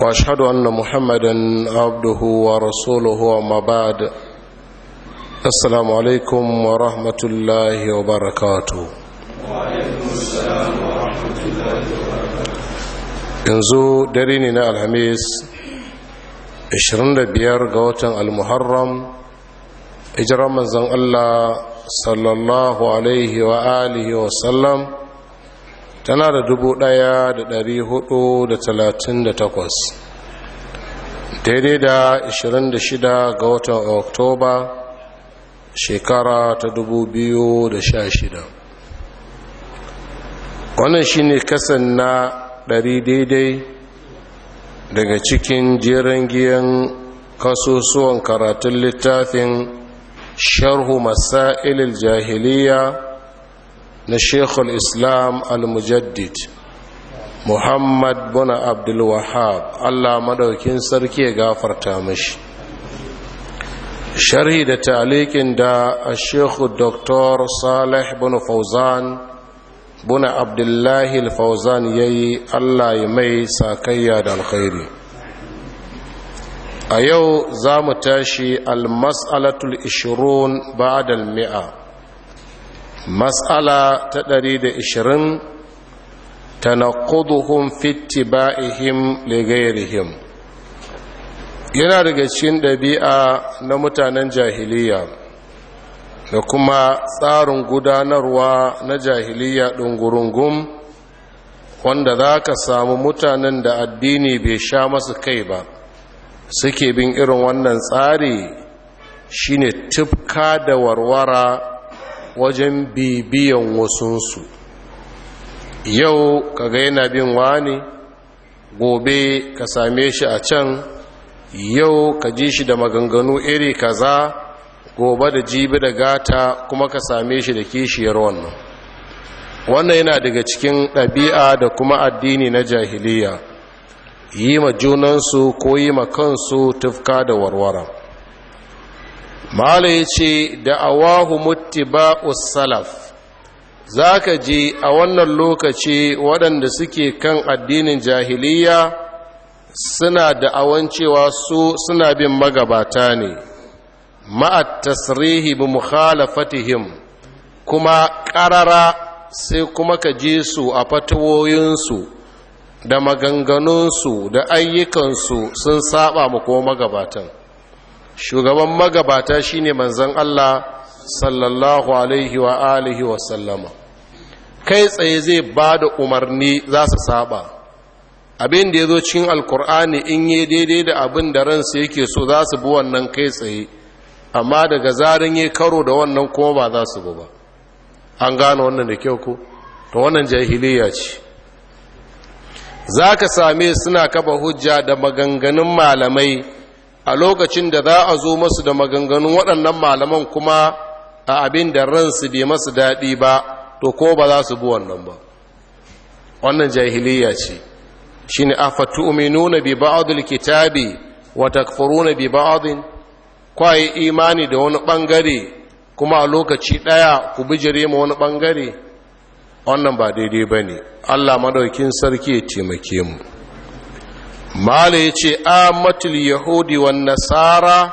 واشهد ان محمدا عبده ورسوله وما بعد السلام عليكم ورحمه الله وبركاته yanzu dare ne na alhamis 25 ga watan almuharram ijiran manzan allah sallallahu alaihi wa alihi wa sallam tana da dubu ɗaya da ɗari hudu da talatin da takwas daidai da da shida ga watan oktoba shekara ta dubu biyu da sha shida. wannan shine kasan na ɗari daidai daga cikin jeren giyan kasusuwan karatun littafin sharhu masailil jahiliya na shekul islam al-mujaddid muhammad bin abdulwahab allah madaukin sarki ya gafarta mashi sharhi da talikin da a shekul salih bin fauzan bin abdullahi al-fauzan ya yi allah ya mai sakayya da alkhairi a yau za mu tashi al-mas'alatul 20 ba'da al-mi'a matsala ta 120 tanaquduhum fi ittiba'ihim li legayarihim yana daga cikin ɗabi'a na mutanen jahiliya da kuma tsarin gudanarwa na jahiliya ɗungurungun wanda za ka samu mutanen da addini bai sha masu kai ba suke bin irin wannan tsari shine tufka da warwara wajen bibiyan wasunsu yau ka ga yana bin wani gobe ka same shi a can yau ka ji shi da maganganu iri kaza gobe da jibi da gata kuma ka same shi da kishiyar wannan wannan yana daga cikin ɗabi'a da kuma addini na jahiliya yi ma junansu ko yi ma kansu tufka da warwara mala ya ce da awahu muttiba'us salaf za ka je a wannan lokaci waɗanda suke kan addinin jahiliya suna da cewa su suna bin magabata ne ma'at tasrihi bi mukhalafatihim kuma ƙarara sai kuma ka je su a fatawoyinsu da maganganunsu da ayyukansu sun saba mu magabatan shugaban magabata shine manzon Allah sallallahu alaihi wa alihi wa sallama kai tsaye zai ba da umarni za su saba abin da ya zo cikin alkur'ani in yi daidai da abin da ransa yake so za su bi wannan kai tsaye amma daga zarin yi karo da wannan kuma ba za su bi ba an gane wannan da kyau ko ta wannan jahiliya ce za ka same suna kaba hujja da maganganun malamai a lokacin da za a zo masu da maganganun waɗannan malaman kuma a abin da ransu bai masu daɗi ba to ko ba za su bi wannan ba wannan jahiliya ce a shine afatu'minuna bi ba'dil kitabi wa takfuruna bi ba'din kwaye imani da wani bangare kuma a lokaci ɗaya ku bijire ma wani bangare wannan ba daidai ba ne. Allah madaukin sarki ya taimake mu mala ya ce amatul yahudi wa nasara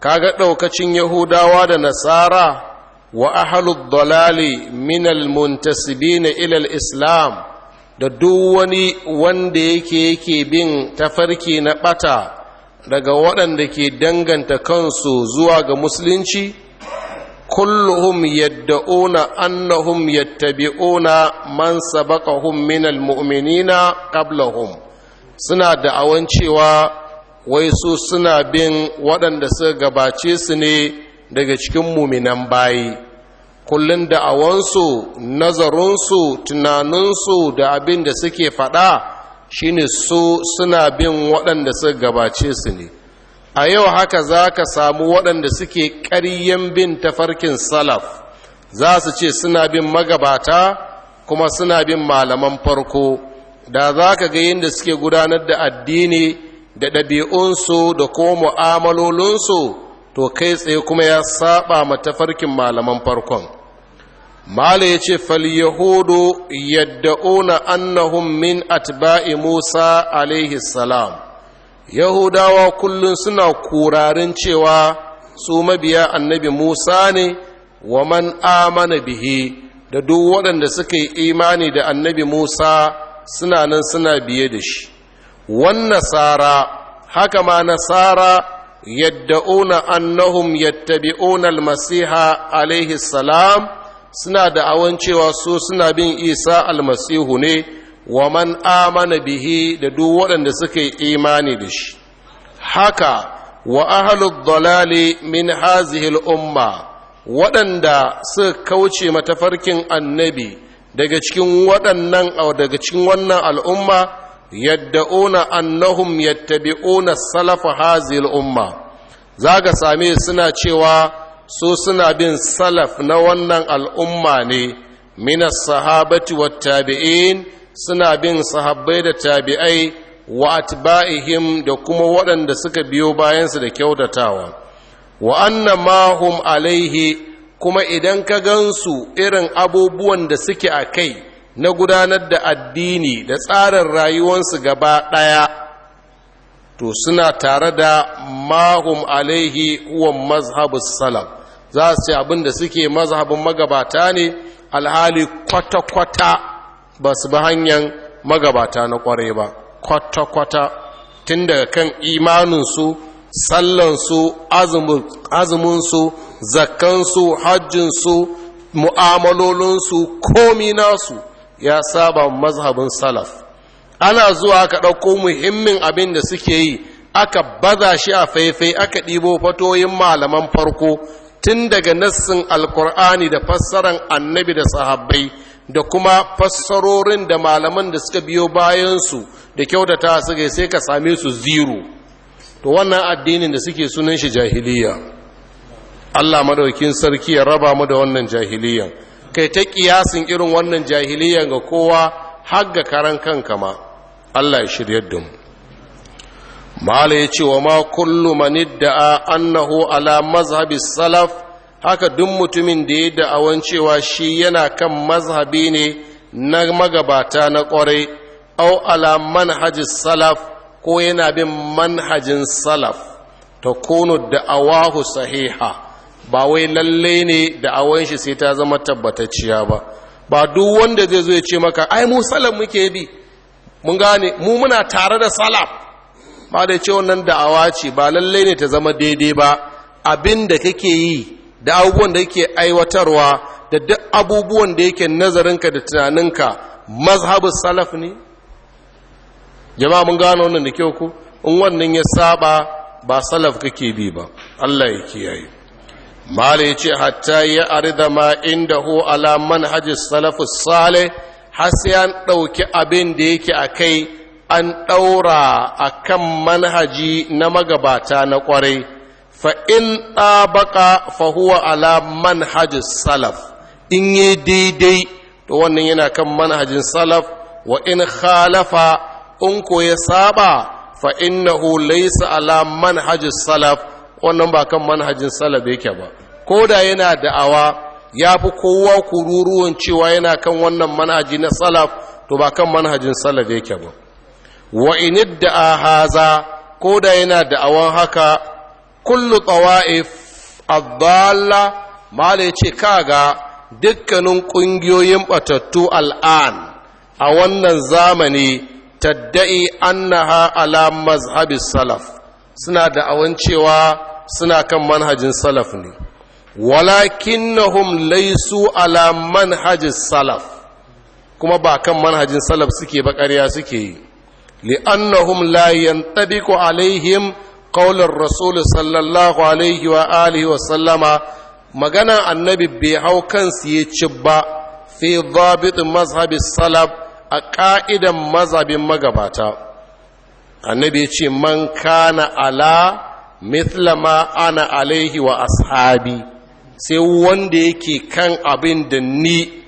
kaga ɗaukacin yahudawa da nasara wa ahalud dalali minal muntasibina ilal islam da duk wani wanda yake yake bin tafarki na ɓata daga waɗanda ke danganta kansu zuwa ga musulunci kulluhum yadda'una annahum yattabi'una man sabaqahum minal mu'minina qablahum suna da'awan cewa wai su suna bin waɗanda suka gabace su ne daga cikin muminan bayi kullum da'awansu nazarinsu tunaninsu da abin da suke faɗa shine su suna bin waɗanda suka gabace su ne a yau haka za ka samu waɗanda suke ƙaryen bin tafarkin salaf za su ce suna bin magabata kuma suna bin malaman farko da za ka ga yadda suke gudanar da addini da ɗabi'unsu da ko mu'amalolinsu to kai tsaye kuma ya saba matafarkin malaman farkon mala ya ce falyahudu yadda'una annahum min atba'i musa alaihi salam yahudawa kullum suna kurarin cewa su mabiya annabi musa ne wa man amana bihi da duk waɗanda suka yi imani da annabi musa suna nan suna biye da shi wannan nasara haka ma nasara yadda'una annahum yattabi'una masiha alaihi salam suna da awan cewa su suna bin isa almasihu ne wa man amana bihi da duk waɗanda suka yi imani da shi haka wa ahlud dalali min hazihi umma waɗanda suka kauce matafarkin annabi daga cikin waɗannan daga cikin wannan al'umma yadda yadda'una annahum ona salafa hazil umma za ka same suna cewa su suna bin salaf na wannan al'umma ne minas sahabati wa tabi'in suna bin sahabbai da tabi'ai wa atba'ihim da kuma waɗanda suka biyo bayansu da kyautatawa wa anna alaihi kuma idan ka gansu irin abubuwan da suke a kai na gudanar da addini da tsarin rayuwansu gaba ɗaya to suna tare da mahum alaihi wa mazhabu salam za su ce abin da suke mazhabin magabata ne alhali kwata-kwata ba su bi hanyar magabata na kware ba kwata-kwata tun daga kan imaninsu sallansu azuminsu zakkansu hajjinsu mu'amalolinsu komi nasu ya saba mazhabin salaf ana zuwa aka ɗauko muhimmin abin da suke yi aka baza shi a faifai aka ɗibo fatoyin malaman farko tun daga nassin alkur'ani da fassaran annabi da sahabbai da kuma fassarorin da malaman da suka biyo bayansu da kyautata su sai ka same su zero to wannan addinin da suke sunan shi jahiliya Allah madaukin sarki ya raba mu da wannan jahiliyan kai ta kiyasin irin wannan jahiliyan ga kowa har ga karan kanka ma Allah ya shiryar da mu mala ya ce wa ma kullu man idda'a annahu ala mazhabi salaf haka duk mutumin da ya da'awan cewa shi yana kan mazhabi ne na magabata na kwarai au ala manhaji salaf ko yana bin manhajin salaf ta kunu da'awahu sahiha ba wai lalle ne da'awan shi sai ta zama tabbatacciya ba ba duk wanda zai zo ya ce maka ai mu salaf muke bi mun gane mu muna tare da salaf ba da ce wannan da'awa ce ba lalle ne ta zama daidai ba abin da kake yi da abubuwan da yake aiwatarwa da duk abubuwan da yake nazarinka da tunaninka mazhabin salaf ne jama'a mun gano wannan da kyau ku in wannan ya saba ba salaf kake bi ba Allah ya kiyaye mala yace hatta ya arida ma hu ala manhaji salafus salih har sai an dauki abin da yake akai an daura akan manhaji na magabata na kwarai fa in tabaka fa huwa ala manhaji salaf in yi daidai to wannan yana kan manhajin salaf wa in khalafa in ko ya saba fa innahu laysa ala manhajis salaf wannan ba kan manhajin salaf yake ba ko da yana da'awa ya fi kowa kururuwan cewa yana kan wannan manhaji na salaf to ba kan manhajin salaf yake ba wa in da haza ko da yana da'awan haka kullu tawa'if adalla mala yace kaga dukkanin ƙungiyoyin batattu al'an a wannan zamani tadda'i annaha ala mazhabi salaf suna da awan cewa suna kan manhajin salaf ne walakinnahum laysu ala manhaji salaf kuma ba kan manhajin salaf suke ba ƙarya suke yi li'annahum la yantabiqu alaihim qaular rasul sallallahu alaihi wa alihi wa sallama magana annabi bai hau kansu ya ci ba fi dhabit mazhabi salaf a ƙa'idan mazabin magabata annabi ce man kana ala mithlama ana alaihi wa ashabi sai wanda yake kan abin da ni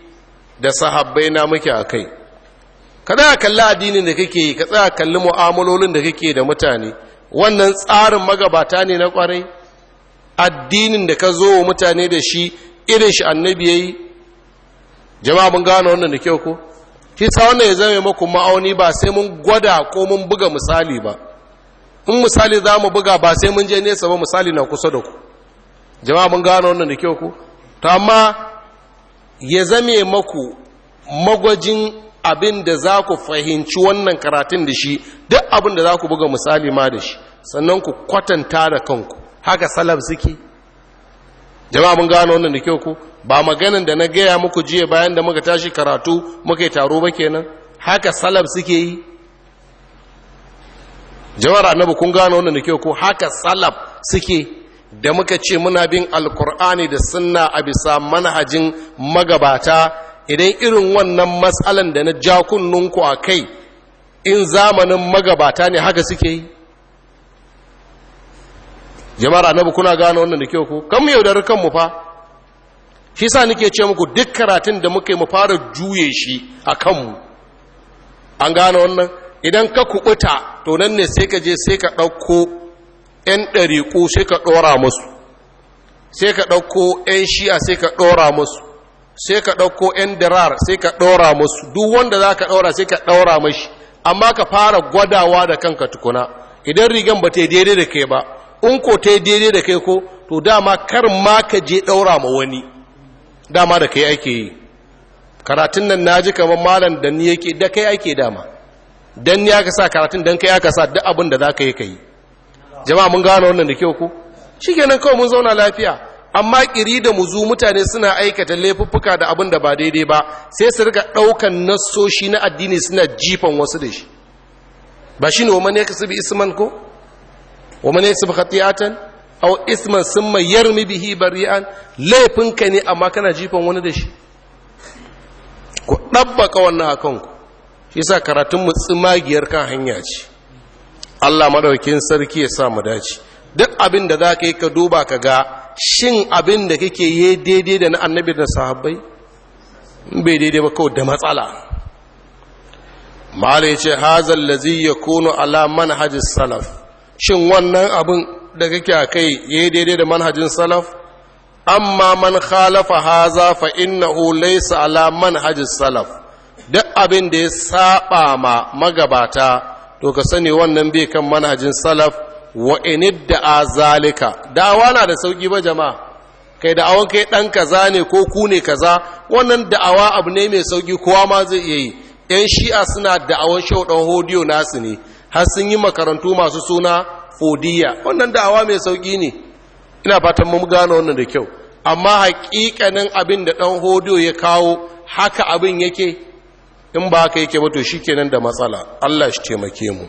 da sahabbai na muke a kai ka za a kalli addinin da kake yi ka tsaya kalli mu'amalolin da kake da mutane wannan tsarin magabata ne na kwarai addinin da ka zo wa mutane da shi irin shi annabi ya yi jama'a mun gano wannan da kyau ko shi wannan ya zama maku ma'auni ba sai mun gwada ko mun buga misali ba in misali za mu buga ba sai mun je nesa ba misali na kusa da ku jama'a mun gano wannan da kyau ku to amma ya zame maku magwajin abin da za ku fahimci wannan karatun da shi duk abin da za ku buga misali ma da shi sannan ku kwatanta da kanku haka salaf suke jama'a mun gano wannan da kyau ku ba maganin da na gaya muku jiya bayan da muka tashi karatu muka yi taro ba kenan haka salaf suke yi jawar annabi kun gano wannan da ke ko haka salaf suke da muka ce muna bin alkur'ani da sunna a bisa manhajin magabata idan irin wannan matsalan da na ja kunnunku a kai in zamanin magabata ne haka suke yi jama'ar annabi kuna gano wannan da kyau ko kan mu yaudar kanmu fa shi sa nake ce muku duk karatun da muka yi mu fara juye shi a kanmu an gane wannan idan ka kubuta to nan ne sai ka je sai ka ɗauko 'yan ɗariƙo sai ka ɗora musu sai ka ɗauko 'yan shi'a sai ka ɗora musu sai ka ɗauko 'yan dirar sai ka ɗora musu duk wanda za ka ɗora sai ka ɗora mashi amma ka fara gwadawa da kanka tukuna idan rigan ba ta daidai da kai ba in ko ta daidai da kai ko to dama kar ma ka je ɗaura ma wani dama da kai ake yi karatun nan na ji kamar malam da ni yake da kai ake dama dan ni aka sa karatun dan kai aka sa duk abin da za ka yi ka yi jama'a mun gano wannan da kyau ko shikenan kawai mun zauna lafiya amma kiri da muzu mutane suna aikata laifuffuka da abin da ba daidai ba sai su rika ɗaukan nasoshi na addini suna jifan wasu da shi ba shi ne wa ka yaksubi isman ko wa man yaksubi khatiyatan aw isman summa yarmi bihi bari'an laifinka ne amma kana jifan wani da shi ku ɗabbaka wannan akan ku shi yasa karatun mu tsimagiyar kan hanya ce Allah madaukakin sarki ya sa mu dace duk abin da zaka yi ka duba ka ga shin abin da kake yi daidai da na annabi da sahabbai bai daidai ba kawai da matsala mala ya ce hazal lazi ya kono ala manhajis salaf shin wannan abin da kake a kai ya yi daidai da manhajin salaf amma man khalafa haza fa innahu laysa ala manhajis salaf duk abin da ya saba ma magabata to ka sani wannan bai kan manhajin salaf wa inid da azalika da'awa na da sauki ba jama'a kai da'awan kai dan kaza ne ko ku ne kaza wannan da'awa abu ne mai sauki kowa ma zai iya yi yan shi'a suna da'awan shaudan hodiyo nasu ne har sun yi makarantu masu suna ƙodiya wannan da'awa mai sauki ne ina fatan mun gane wannan da kyau amma haƙiƙanin abin da ɗan hodo ya kawo haka abin yake in ba haka yake wato shi kenan da matsala allah shi taimake mu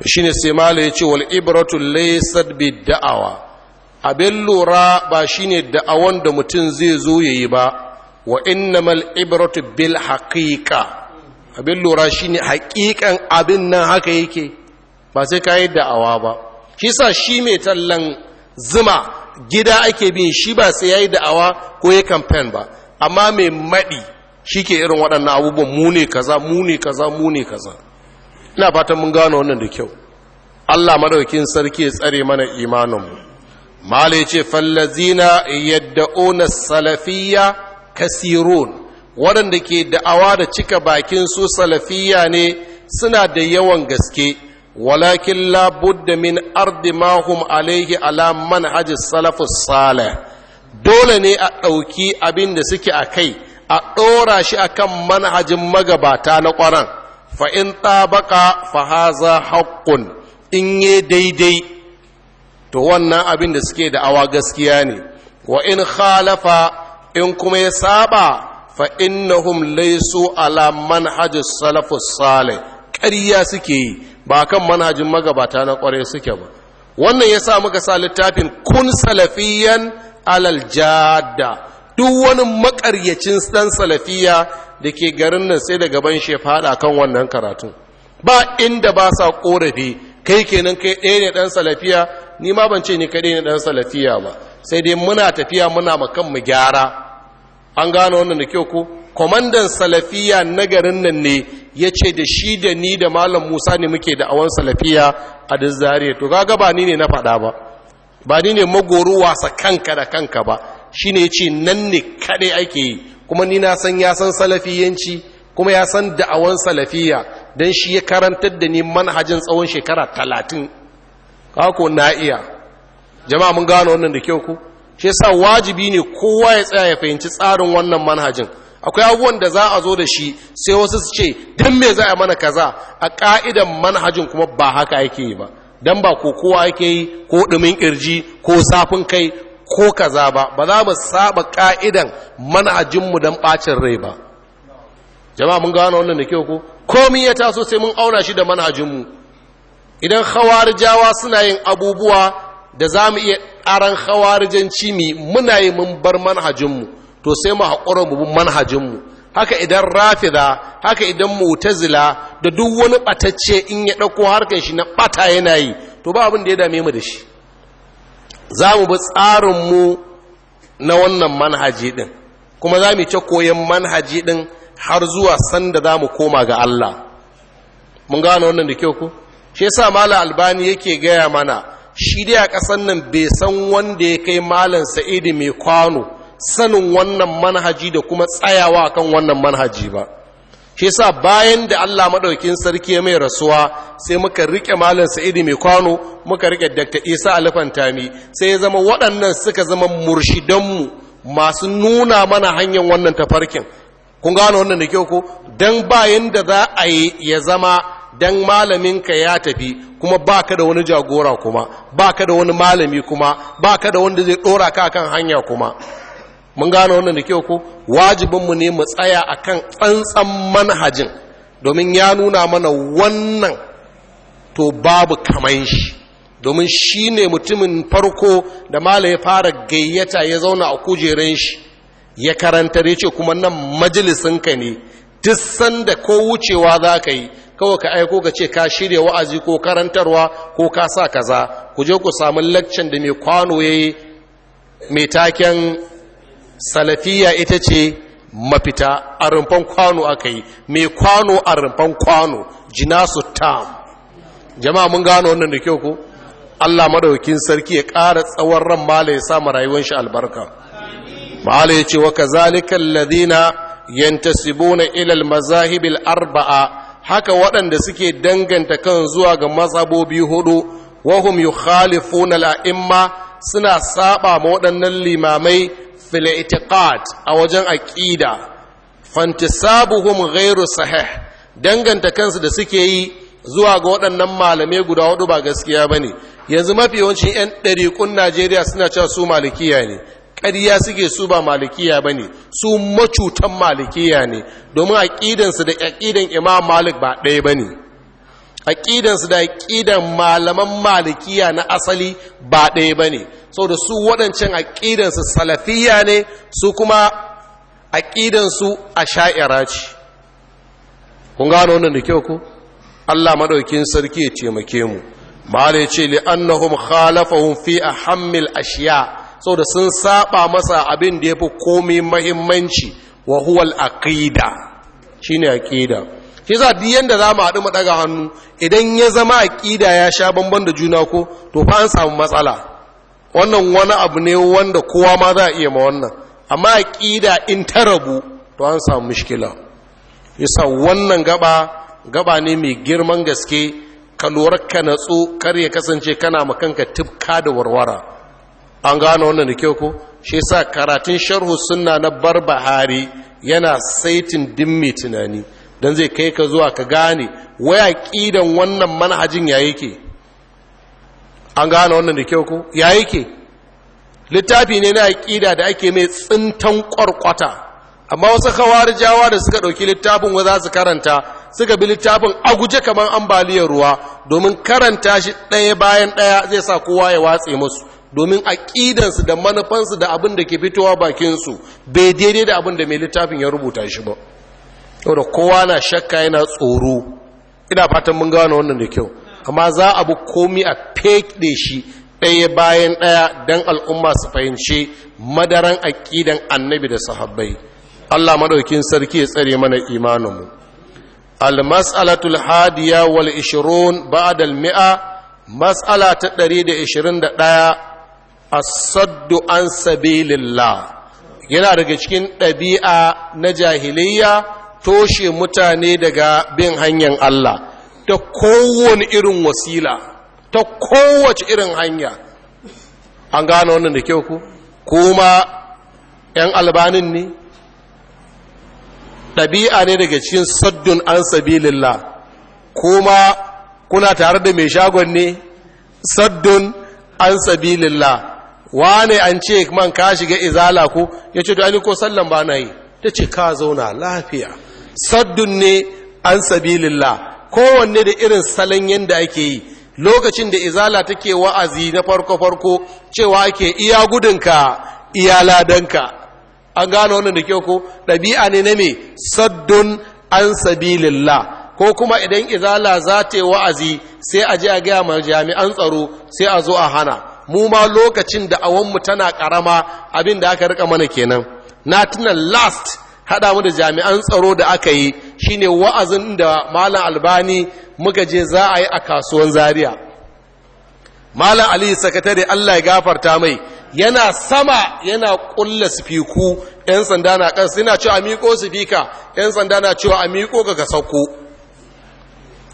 to shi ne sai mala ya ce wal ibratu laysat bi da'awa abin lura ba shi ne da'awan da mutum zai zo ya yi ba wa innamal ibratu bil haƙiƙa abin lura shi ne haƙiƙan abin nan haka yake ba sai ka yi da'awa ba shi shi mai tallan zuma gida ake bin shi ba sai ya yi da'awa ko ya kamfen ba amma mai maɗi shi ke irin waɗannan abubuwan mune kaza mune kaza mune kaza ina fatan mun gano wannan da kyau allah maɗaukin sarki ya tsare mana imaninmu mala ya ce fallazina ona salafiya kasirun waɗanda ke da'awa da cika bakin su salafiya ne suna da yawan gaske walakin la budda min ardi ma hum alaihi ala manhaj salafus salih dole ne a ɗauki abin da suke a kai a ɗora shi a kan manhajin magabata na ƙwaran fa in tabaka fa haza haqqun in ye daidai to wannan abin da suke da awa gaskiya ne wa in khalafa in kuma ya saɓa, fa innahum laysu ala manhaj salafus salih ƙarya suke yi ba kan manhajin magabata na kwarai suke ba wannan ya sa muka sa littafin kun salafiyan alal jada duk wani makaryacin dan salafiya da ke garin nan sai da ban shi fada kan wannan karatu ba inda ba sa korafi kai kenan kai ɗaya ne dan salafiya ni ma ban ce ni kai ne dan salafiya ba sai dai muna tafiya muna makan mu gyara an gano wannan da kyau ko kwamandan salafiya na garin nan ne ya ce da shi da ni da malam musa ne muke da awon salafiya a duk zariya to gaga ba ni ne na faɗa ba ba ni ne magoro wasa kanka da kanka ba shi ne ya ce nan ne kaɗai ake yi kuma ni na san ya san salafiyanci kuma ya san awon salafiya don shi ya karantar da ni manhajin tsawon shekara talatin kako na iya jama'a mun gano wannan da kyau ku shi sa wajibi ne kowa ya tsaya ya fahimci tsarin wannan manhajin akwai abubuwan da za a zo da shi sai wasu su ce dan me za a mana kaza a ka'idan manhajin kuma ba haka yake yi ba dan ba ko kowa yake yi ko dumin kirji ko safin kai ko kaza ba ba za mu saba ka'idan manhajinmu dan bacin rai ba jama'a mun gano wannan da kyau ko komai ya taso sai mun auna shi da manhajinmu idan khawarijawa suna yin abubuwa da za mu iya aran khawarijanci mi muna yi mun bar manhajinmu to sai mu haƙura mu bin manhajinmu haka idan rafida haka idan mutazila da duk wani ɓatacce in ya ɗauko harkar shi na ɓata yana yi to ba abin da ya dame mu da shi za mu bi tsarinmu na wannan manhaji ɗin kuma za mu ci koyon manhaji ɗin har zuwa sanda za mu koma ga Allah mun gano wannan da kyau ku shi yasa mala albani yake gaya mana shi dai a ƙasan nan bai san wanda ya kai Malam sa'idi mai kwano sanin wannan manhaji da kuma tsayawa kan wannan manhaji ba shi sa bayan da Allah maɗaukin sarki mai rasuwa sai muka rike malam Sa'idu mai kwano muka rike Dr. Isa Alfantami sai ya zama waɗannan suka zama murshidanmu masu nuna mana hanyar wannan tafarkin kun gano wannan da kyau ko dan bayan da za a yi ya zama dan malaminka ya tafi kuma baka da wani jagora kuma baka da wani malami kuma baka da wanda zai ɗora ka kan hanya kuma mun gane wannan da kyau ko wajibinmu ne mu tsaya akan tsantsan manhajin domin ya nuna mana wannan to babu kaman shi domin shi ne mutumin farko da mala ya fara gayyata ya zauna a kujeran shi ya karanta ya ce kuma nan majalisinka ne duk sanda ko wucewa za ka yi kawai ka aiko ka ce ka shirya wa'azi ko karantarwa ko ka sa kaza ku je ku samu laccan da mai kwano ya yi mai taken salafiya ita ce mafita a rumfan kwano aka yi mai kwano a rumfan kwano jinasu tam jama'a mun gano wannan da kyau ku? Allah madaukin sarki ya ƙara tsawon ran mala ya samu rayuwar shi albarka mala ya ce wa kazalika alladhina yantasibuna ilal almazahib arba'a haka waɗanda suke danganta kan zuwa ga mazhabobi hudu wahum yukhalifuna la'imma suna saba ma waɗannan limamai fil a wajen aqida fantisabuhum ghairu sahih danganta kansu da suke yi zuwa ga waɗannan malamai guda hudu ba gaskiya bane yanzu mafi yawancin yan ɗariƙun Najeriya suna cewa su malikiya ne ƙarya suke su ba malikiya bane su macutan malikiya ne domin aqidansu da aqidan Imam Malik ba ɗaya bane aƙidansu da aƙidan malaman malikiya na asali ba ɗaya ba ne sau da su waɗancan aƙidansu salafiya ne su kuma aƙidansu a sha'ira ce kun gano wannan da kyau ku allah maɗaukin sarki ya taimake mu mara ce li'annahum khalafahum fi a hammil ashiya da sun saba masa abin da ya fi komai mahimmanci wa huwal Shi shine aƙida shi za duk yanda za mu haɗu maɗaga ɗaga hannu idan ya zama aƙida ya sha bamban da juna ko to fa an samu matsala wannan wani abu ne wanda kowa ma za a iya ma wannan amma aƙida in ta rabu to an samu Ya yasa wannan gaba gaba ne mai girman gaske ka lura ka natsu kar ya kasance kana ma kanka tifka da warwara an gano wannan da kyau ko shi yasa karatun sharhu sunna na bar barbahari yana saitin dimmi tunani don zai kai ka zuwa ka gane waya ƙidan wannan manhajin ya yake an gane wannan da kyau ko ya yake littafi ne na aƙida da ake mai tsintan ƙwarƙwata amma wasu kawar jawa da suka ɗauki littafin wa za su karanta suka bi littafin a guje kamar ambaliyar ruwa domin karanta shi ɗaya bayan ɗaya zai sa kowa ya watse musu domin aƙidansu da manufansu da abin da ke fitowa bakinsu bai daidai da abin da mai littafin ya rubuta shi ba da kowa na shakka yana tsoro ina fatan mun gano wannan da kyau amma za a bi komi a fekde shi ɗaya bayan ɗaya don al'umma su fahimci madaran aƙidan annabi da sahabbai allah maɗaukin sarki ya tsare mana imaninmu almas'alatul hadiya wal ishirun ba'adal mi'a mas'ala ta ɗari da ishirin da ɗaya a saddu an sabilillah yana daga cikin ɗabi'a na jahiliyya toshe mutane daga bin hanyar Allah ta kowane irin wasila ta kowace irin hanya an gano wannan da kyau ku kuma 'yan albanin ne ɗabi'a ne daga cikin saddun an sabilillah kuma kuna tare da mai shagon ne saddun an sabilillah wane an ce man ka shiga izala ko ya ce to ko sallan ba na yi ta ce ka zauna lafiya saddun ne an sabilillah kowanne da irin salon yadda ake yi lokacin da izala take wa'azi na farko-farko cewa ake iya gudunka iya ladanka an gano wannan da kyau ko ɗabi'a ne na me saddun an sabilillah ko kuma idan izala za ta wa'azi sai a je a gaya ma jami'an tsaro sai a zo a hana mu ma lokacin da awonmu tana ƙarama abin da aka rika mana kenan na tunan last hada mu da jami'an tsaro da aka yi shine wa'azin da malam albani muka je za a yi a kasuwan zaria malam ali sakatare Allah ya gafarta mai yana sama yana kulla sifiku yan sanda na kan suna cewa a miƙo sifika yan sanda na cewa a miƙo ga ka sauko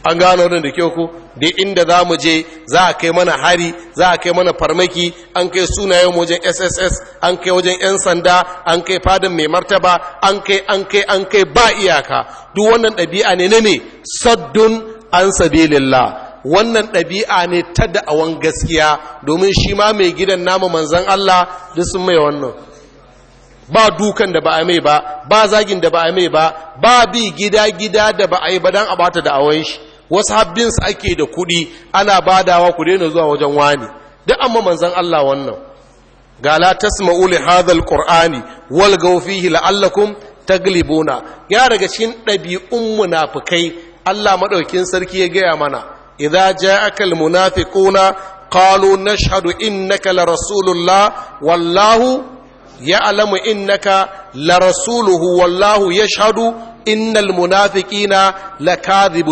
an gano wannan da kyau ko Da inda za mu je za a kai mana hari za a kai mana farmaki an kai sunayen wajen sss an kai wajen 'yan sanda an kai fadin mai martaba an kai an kai an kai ba iyaka duk wannan ɗabi'a ne ne ne saddun an sabilillah wannan ɗabi'a ne ta da'awan gaskiya domin shi ma mai gidan namu manzan allah duk sun mai wannan ba dukan da ba a mai ba ba zagin da ba a mai ba ba bi gida gida da ba a yi ba dan a bata da awon shi wasu habbin su ake da kuɗi ana badawa ku daina zuwa wajen wani duk amma manzan Allah wannan ga la tasma'u li hadhal qur'ani walgaw fihi la'allakum taglibuna ya daga cikin ɗabi'un munafikai Allah madaukin sarki ya gaya mana idza ja'aka almunafiquna qalu nashhadu innaka la rasulullah wallahu ya'lamu innaka la rasuluhu wallahu yashhadu innal munafiqina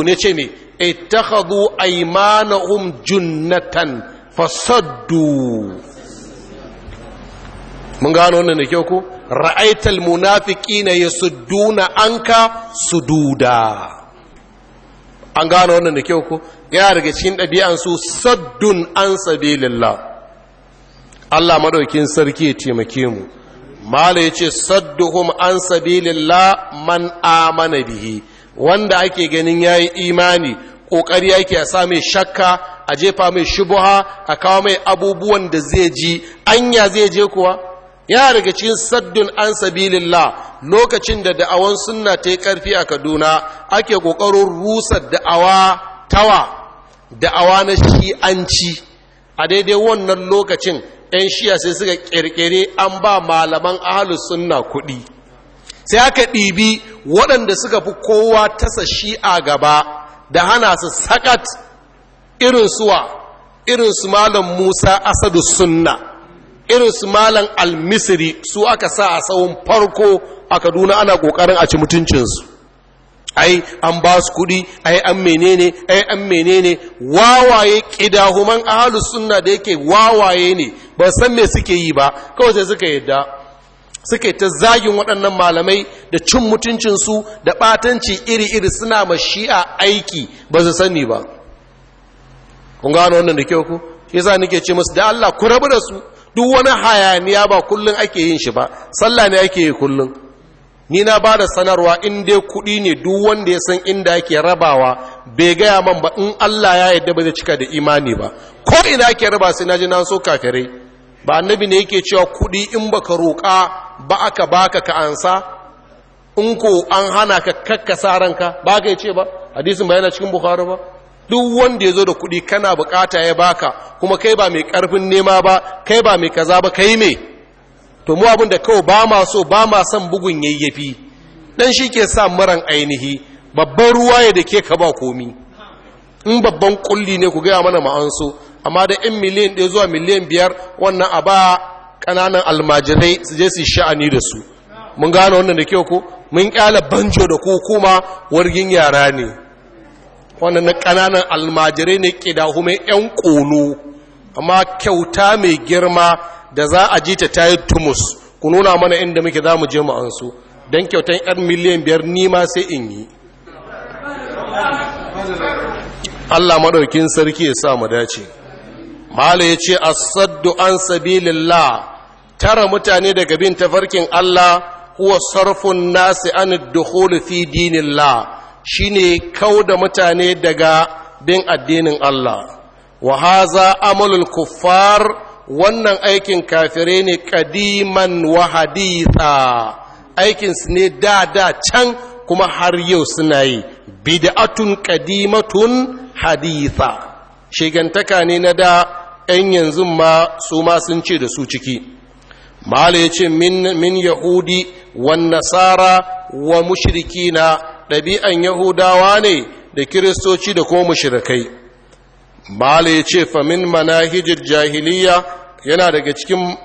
ne ce me ittakhadhu aymanahum junnatan fasaddu mun gano wannan da kyau ko ra'aital munafiqina yasudduna anka sududa an gano wannan da kyau ko yana daga cikin ɗabi'an su saddun an sabilillah Allah madaukin sarki ya taimake mu mala ya ce sadduhum an sabilillah man amana bihi wanda ake ganin ya yi imani ƙoƙari yake a sa shakka a jefa mai shubuha a kawo mai abubuwan da zai ji anya zai je kuwa ya daga cikin saddun an sabilillah lokacin da da'awan sunna ta yi ƙarfi a kaduna ake ƙoƙarin rusa da'awa tawa da'awa na shi'anci a daidai wannan lokacin 'yan shiya sai suka ƙirƙiri an ba malaman ahalus sunna kuɗi sai aka ɗibi waɗanda suka fi kowa tasa shi'a gaba da hana su sakat irin suwa irin su malam musa asadu sunna irin su malam almisiri su aka sa a tsawon farko a kaduna ana ƙoƙarin a ci mutuncinsu ai an ba su kuɗi ai an menene ai an menene wawaye kidahuman ahalu, sunna da yake wawaye ne ba san me suke yi ba kawai sai suka yadda suka ta zagin waɗannan malamai da cin mutuncin su da ɓatanci iri-iri suna ma shi'a aiki ba su sani ba kun gano wannan da kyau ku shi yasa nake ce musu da Allah ku rabu da su duk wani hayaniya ba kullun ake yin shi ba sallah ne ake yi kullun ni na ba da sanarwa in dai kuɗi ne duk wanda ya san inda yake rabawa bai gaya man ba in Allah ya yadda ba zai cika da imani ba ko ina ake raba sai na ji na so kafire ba annabi ne yake cewa kuɗi in baka roƙa ba aka baka ka ansa in ko an hana ka kakkasa ranka ba ka ce ba hadisin bayana cikin bukhari ba duk wanda ya zo da kuɗi kana bukata ya baka kuma kai ba mai ƙarfin nema ba kai ba mai kaza ba kai mai to mu abin da kawai ba ma so ba ma son bugun yayyafi dan shi ke sa maran ainihi babban ruwa ya da ke ka ba komi in babban kulli ne ku gaya mana ma'anso amma da in miliyan ɗaya zuwa miliyan biyar wannan a ba ƙananan almajirai su je su sha'ani da su mun gane wannan da kyau ko mun ƙyala banjo da ku kuma wargin yara ne wannan na ƙananan almajirai ne ƙidahu mai 'yan ƙolo amma kyauta mai girma da za a ji ta tayi tumus ku nuna mana inda muke za mu je mu an su don kyautan 'yan miliyan biyar nima sai in yi Allah maɗaukin sarki ya sa mu dace mala ya ce saddu an sabilillah tara mutane daga bin tafarkin Allah kuwa sarfin nasi an dukholi fi dinillah shine kauda mutane daga bin addinin Allah wa haza amalul kuffar wannan aikin kafirai ne kadiman wa haditha aikinsu ne da da can kuma har yau suna yi bid'atun kadimatun haditha shigantaka ne na da ‘yan yanzu ma su ma sun ce da su ciki mala ya ce min yahudi wa nasara wa mushrikina ɗabi'an yahudawa ne da kiristoci da kuma mushrikai bala ya ce famin manahijir jahiliya yana daga cikin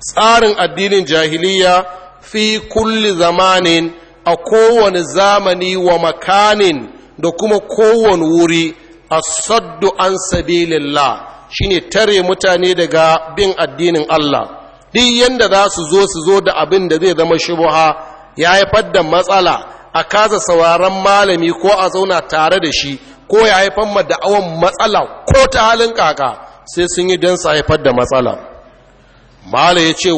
tsarin addinin jahiliya fi kulli zamanin a kowane zamani wa makanin da kuma kowane wuri a saddu an sabilillah shine tare mutane daga bin addinin Allah duk yadda za su zo su zo da abin da zai zama shubuha ya haifar da matsala a kaza sauraron malami ko a zauna tare da shi ko ya haifar ma da'awan matsala ko ta halin kaka sai sun yi don su haifar da matsala mala ya ce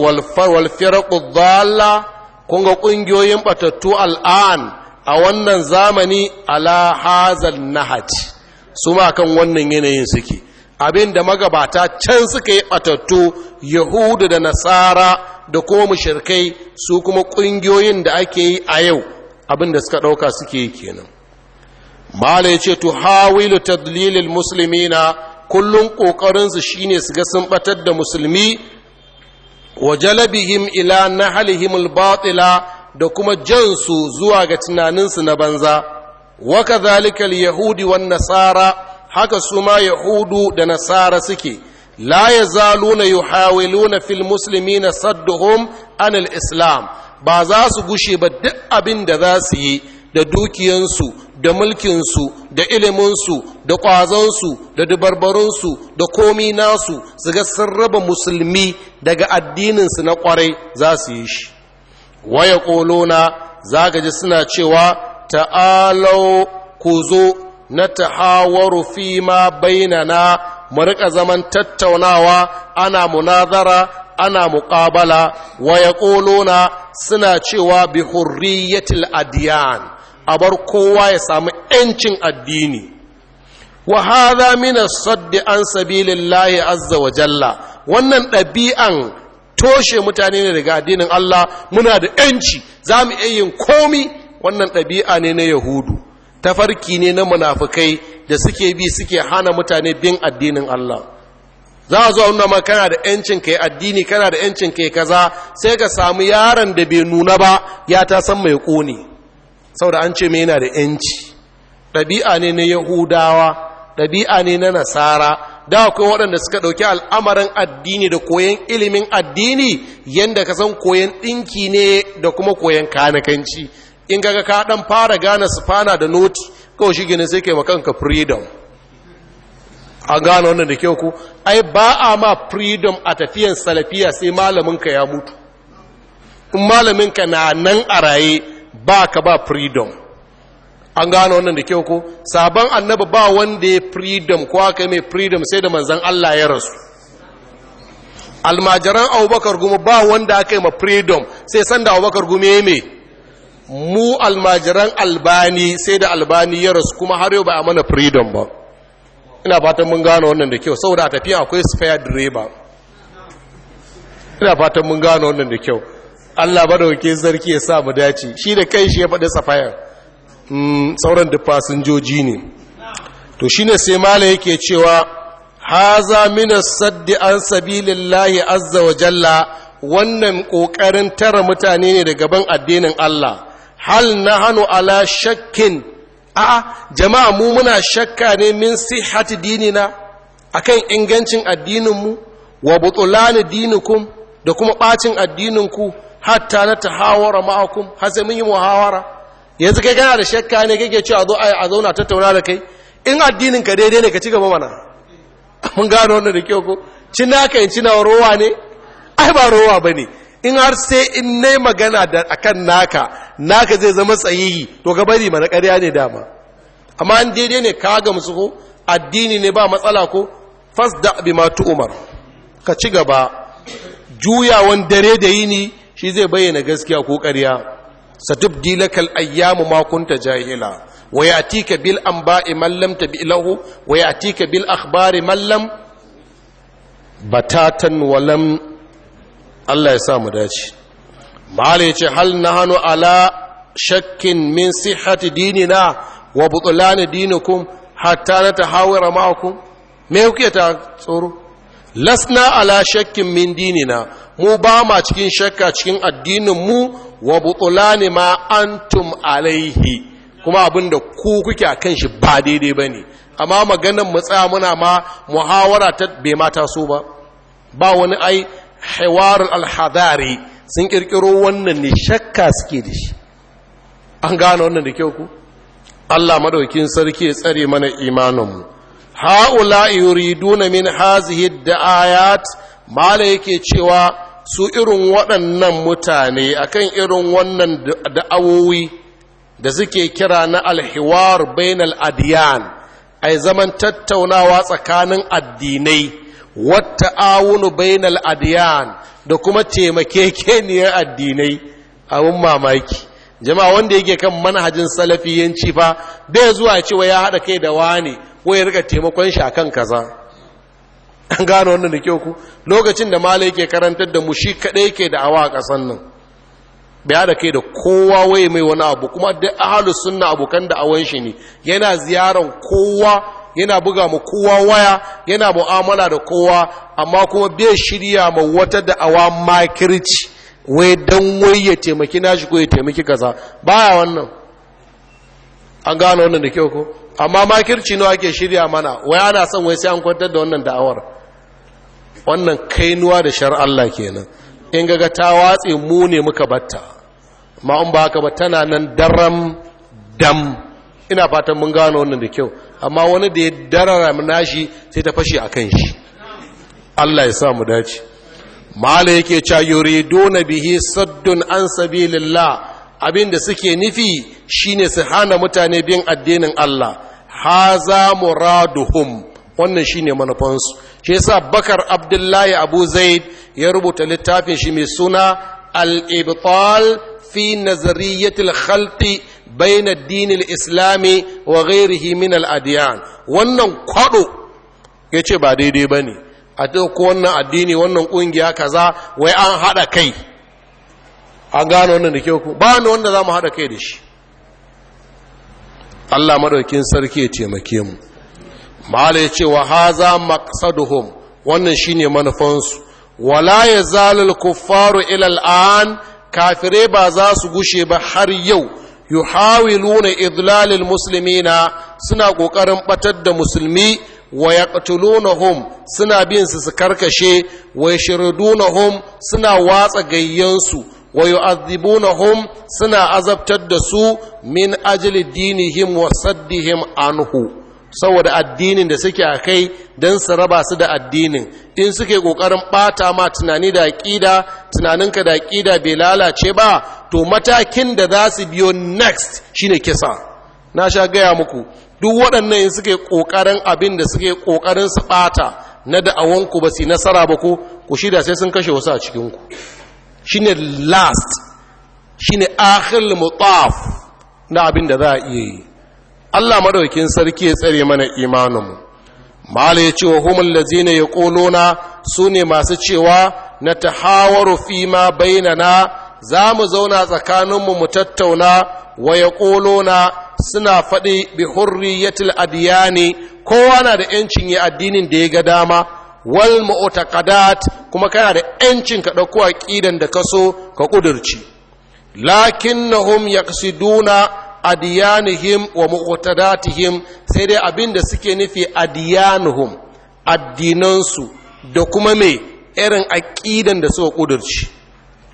walfira kudala, kun ga ƙungiyoyin batattu al'an a wannan zamani ala hazal nahaj su ma kan wannan yanayin suke abin da magabata can suka yi batattu yahudu da nasara da kuma mushirkai su kuma ƙungiyoyin da ake yi a yau abin da suka ɗauka suke yi kenan mala ya ce to hawilu tadlilil muslimina kullum ƙoƙarinsu shine su ga sun ɓatar da musulmi wa jalabihim ila nahalihim albatila da kuma jansu zuwa ga tunaninsu na banza wa yahudi wan nasara haka su ma yahudu da nasara suke la yazaluna yuhawiluna fil muslimina sadduhum anil islam ba za su gushe ba duk abin da za su yi da dukiyansu da mulkinsu da iliminsu da ƙwazonsu da dubarbarunsu da komi nasu su ga sun raba musulmi daga addininsu na ƙwarai za su yi shi waya ƙolona za ji suna cewa ta'alau ku zo na tahawaru fi ma bainana mu riƙa zaman tattaunawa ana munazara ana muƙabala waya ƙolona suna cewa bi hurriyatil adiyan a bar kowa ya samu 'yancin addini wa haza mina as an sabilillahi azza wa jalla wannan ɗabi'an toshe mutane ne daga addinin Allah muna da 'yanci za mu iya yin komi wannan ɗabi'a ne na yahudu tafarki ne na munafukai da suke bi suke hana mutane bin addinin Allah za a zo nuna ma kana da yancin kai addini kana da yancin kai kaza sai ka samu yaron da bai nuna ba ya ta san mai ƙone. saboda an ce mai yana da yanci ɗabi'a ne na yahudawa ɗabi'a ne na nasara da akwai waɗanda suka ɗauki al'amarin addini da koyon ilimin addini yadda ka san koyon ɗinki ne da kuma koyon kanakanci in kaga ka ɗan fara gane sufana da noti kawai shi gini sai kai makanka freedom a gane wannan da kyau ku ai ba a ma freedom a tafiyan salafiya sai malaminka ya mutu in malaminka na nan a raye ba ka ba freedom an gano wannan da kyau ko sabon annabi ba wanda ya freedom ko aka yi mai freedom sai da manzan Allah ya rasu almajiran abubakar gumi ba wanda aka yi ma freedom sai sanda abubakar gumi ya mai mu almajiran albani sai da albani ya rasu kuma har yau ba a mana freedom ba ina fatan mun gano wannan da kyau saboda a tafiya akwai spare driver ina fatan mun gano wannan da kyau Allah ba da wake zarki ya sa mu dace shi da kai shi ya faɗi safayar hmm, sauran da fasinjoji ne to shine sai mala yake cewa haza mina saddi an sabilillahi azza wa jalla wannan ƙoƙarin tara mutane ne da gaban addinin Allah hal na hannu ala shakkin a jama'a mu muna shakka ne min sihati dinina akan ingancin addinin mu wa butulani dinikum da kuma ɓacin addinin ku hatta na tahawara ma'akum har sai mun yi muhawara yanzu kai kana da shakka ne kake cewa zo a zauna tattauna da kai in addinin ka daidai ne ka ci gaba mana mun gano wannan da kyau ko cin naka in na rowa ne ai ba rowa bane in har sai in nai magana da akan naka naka zai zama tsayiyi to ka bari mana ƙarya ne dama amma an daidai ne ka ga musu ko addini ne ba matsala ko fasda bima tu'mar ka ci gaba juyawan dare da yini shi zai bayyana gaskiya ko ƙarya dilakal ayyamu ma kunta jahila wa yatika bil anba'i man lam tabi'lahu wa yatika bil akhbari man lam batatan wa lam Allah ya sa mu dace mala yace hal nahnu ala shakkin min sihhati dinina wa butlan dinikum hatta natahawara ma'akum me kuke ta tsoro lasna ala shakkin min dinina mu ba ma cikin shakka cikin addinin mu wa butulani ma antum alaihi kuma abinda ku kuke kan shi ba daidai ba ne, amma maganar mu tsaya muna ma muhawara ta bai mata so ba ba wani ai hewar alhadari sun kirkiro wannan ne shakka suke da shi an gane wannan da kyau ku Allah madaukin sarki ya tsare mana imaninmu mu ha'ula يريدون من هذه da'ayat mala yake cewa su irin waɗannan mutane akan irin wannan da'awowi da suke kira na alhiwar bainal adiyan ai zaman tattaunawa tsakanin addinai wata awunu bainal adiyan da kuma taimakekeniyar addinai abin mamaki jama'a wanda yake kan manhajin salafiyanci fa da zuwa cewa ya haɗa kai da wani ko ya rika taimakon shi akan kaza an gano wannan da kyau ku lokacin da malai ke karantar da mu shi kadai yake da awa a kasan nan biya da kai da kowa waye mai wani abu kuma da ahlus sunna abokan da awan shi ne yana ziyaran kowa yana buga mu kowa waya yana mu'amala da kowa amma kuma bai shirya ma wata da awa makirci wai dan wai ya taimaki nashi ko ya taimaki kaza baya wannan an gano wannan da kyau ko amma makirci nawa ke shirya mana wai ana son wai sai an kwantar da wannan da'awar wannan kainuwa da shar Allah kenan in ga ta watse mu ne muka batta ma in ba haka ba tana nan daram dam ina fatan mun gano wannan da kyau amma wani da ya darara nashi sai ta fashe a kan shi Allah ya sa mu dace mala yake cewa yuriduna bihi saddun an sabilillah abin da suke nufi shine su hana mutane bin addinin Allah haza muraduhum wannan shine manufansu shi yasa bakar abdullahi abu zaid ya rubuta littafin shi mai suna al-ibtal fi nazariyatil khalqi bain ad-din al-islami wa ghayrihi min al-adyan wannan kwado yace ba daidai bane a duk wannan addini wannan kungiya kaza wai an hada kai an gano wannan da kyau ba wanda wanda za mu haɗa kai da shi allah maɗaukin sarki ya taimake mu ma'ala ya ce wa haza maqsaduhum wannan shine manufansu wala yazalul kuffaru ila al'an Kafire ba za su gushe ba har yau yuhawiluna idlalil muslimina suna kokarin batar da musulmi wa yaqtulunahum suna bin su su karkashe wa yashridunahum suna watsa gayyansu wa yu'adhibunahum suna azabtar da su min ajli dinihim wa saddihim anhu saboda addinin da suke a kai don su raba su da addinin in suke ƙoƙarin ɓata ma tunani da ƙida, tunaninka da ƙida bai lalace ba to matakin da za su biyo next shine kisa na sha gaya muku duk waɗannan in suke ƙoƙarin abin da suke ƙoƙarin su ɓata na da'awanku ba su nasara ba ku ku shida sai sun kashe wasu a cikinku shine last shine akhil mutaf na abin da za a iya yi Allah madaukin sarki ya tsare mana imaninmu mala ya ce wa humul lazina yaquluna sune masu cewa na tahawaru fi ma bainana za mu zauna tsakaninmu mu tattauna wa yaquluna suna faɗi bi hurriyatil ne? kowa na da yancin ya addinin da ya ga dama wal mu'taqadat kuma kana da yancin ka dauko aqidan da kaso ka kudurci lakinnahum yaqsiduna adiyanihim wa mu'taqadatihim sai dai abinda suke nufi adiyanuhum addinansu da kuma me irin aqidan da suka kudurci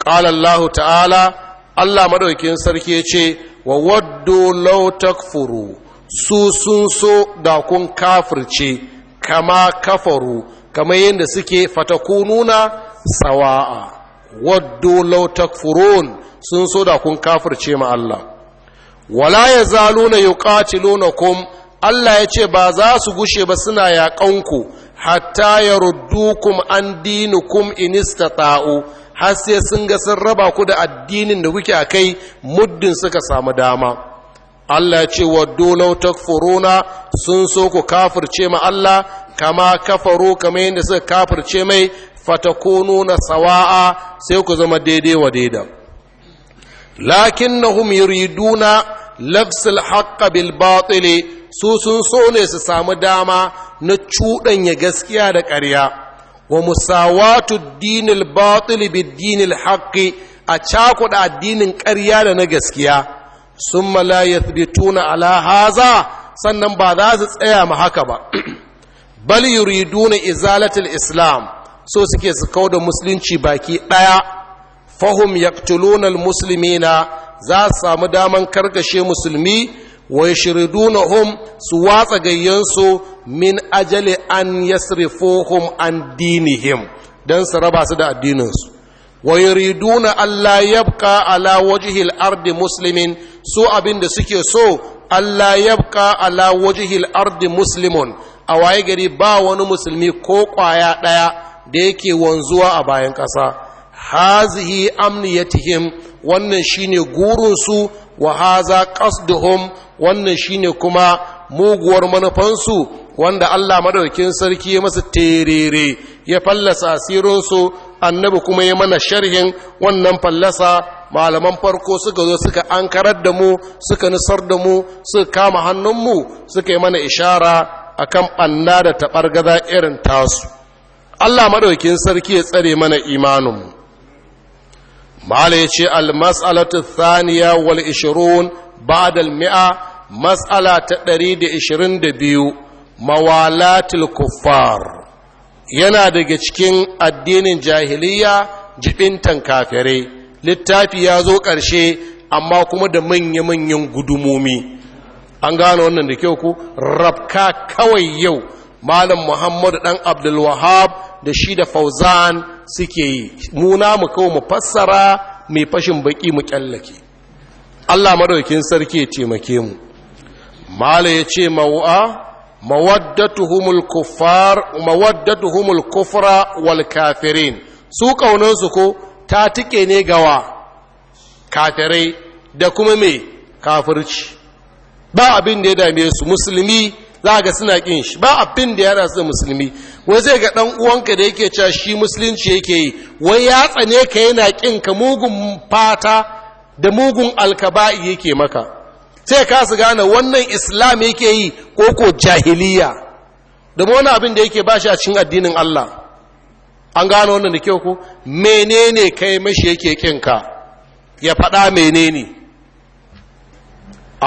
qala Allah ta'ala Allah madaukin sarki ce wa waddu law takfuru su sun so da kun kafirce kama kafaru kamar yadda suke fatakununa sawa'a waddu law sun so da kun kafirce ma Allah wala ya yazaluna kum. Allah ya ce ba za su gushe ba suna ku. hatta ya ruddukum an dinukum inistata'u har sai sun ga sun raba ku da addinin da kuke a kai muddin suka samu dama Allah ya ce wa dolau furuna sun so ku kafirce ma Allah kama kafaru kama yadda suka kafirce mai fatakonu na sawa'a sai ku zama daidai wa daida lakinnahum yuriduna lafsul haqqa bil batil su sun so ne su sami dama na cuɗanya gaskiya da ƙarya wa musawatu dinil batil bid dinil haqqi a cakuɗa addinin ƙarya da na gaskiya sun la yathbituna ala haza sannan ba za su tsaya ma haka ba bal yuriduna izalatul islam so suke su kawo da musulunci baki ɗaya fahum yaqtuluna almuslimina za su samu daman karkashe musulmi wa hum su watsa gayyansu min ajali an yasrifuhum an dinihim dan su raba su da addininsu wa yuriduna Allah yabqa ala wajhil ardi muslimin su abinda suke so Allah yabqa ala wajhil ardi muslimun a waye gari ba wani musulmi ko kwaya ɗaya da yake wanzuwa a bayan ƙasa hazihi amniyatihim wannan shine gurinsu wa haza qasduhum wannan shine kuma muguwar manufansu wanda Allah madaukin sarki ya masa terere ya fallasa asirinsu annabi kuma ya mana sharhin wannan fallasa malaman farko suka zo suka ankarar da mu suka nisar da mu suka kama hannun mu, suka yi mana ishara akan ɓanna da taɓargaza irin tasu allah maɗaukin sarki ya tsare mana imaninmu mala ya ce almas'alatu thaniya wal ishirun ba'da mi'a mas'ala ta ɗari da ishirin da biyu mawalatul kuffar yana daga cikin addinin jahiliya jibintan kafirai littafi ya zo ƙarshe amma kuma da manya-manyan gudumomi an gane wannan da kyau ku rabka kawai yau malam muhammadu dan abdulwahab da shi da fauzan suke yi muna mu kawo mu fassara mai fashin baki mu kyallake allah madaukin sarki ya taimake mu mala ya ce mawa mawaddatuhumul kuffar mawaddatuhumul kufra wal kafirin su kaunansu ko ta tike ne gawa kafirai da kuma mai kafirci ba abin da ya dame su musulmi za ga suna kin shi ba abin da yana su musulmi wai zai ga dan uwanka da yake cewa shi musulunci yake yi wai ya tsane ka yana kin ka mugun fata da mugun alkaba'i yake maka sai ka su gane wannan islam yake yi ko ko jahiliya da wani abin da yake ba shi a cikin addinin Allah an gano wannan da kyau ko menene kai mashi yake kinka ya faɗa menene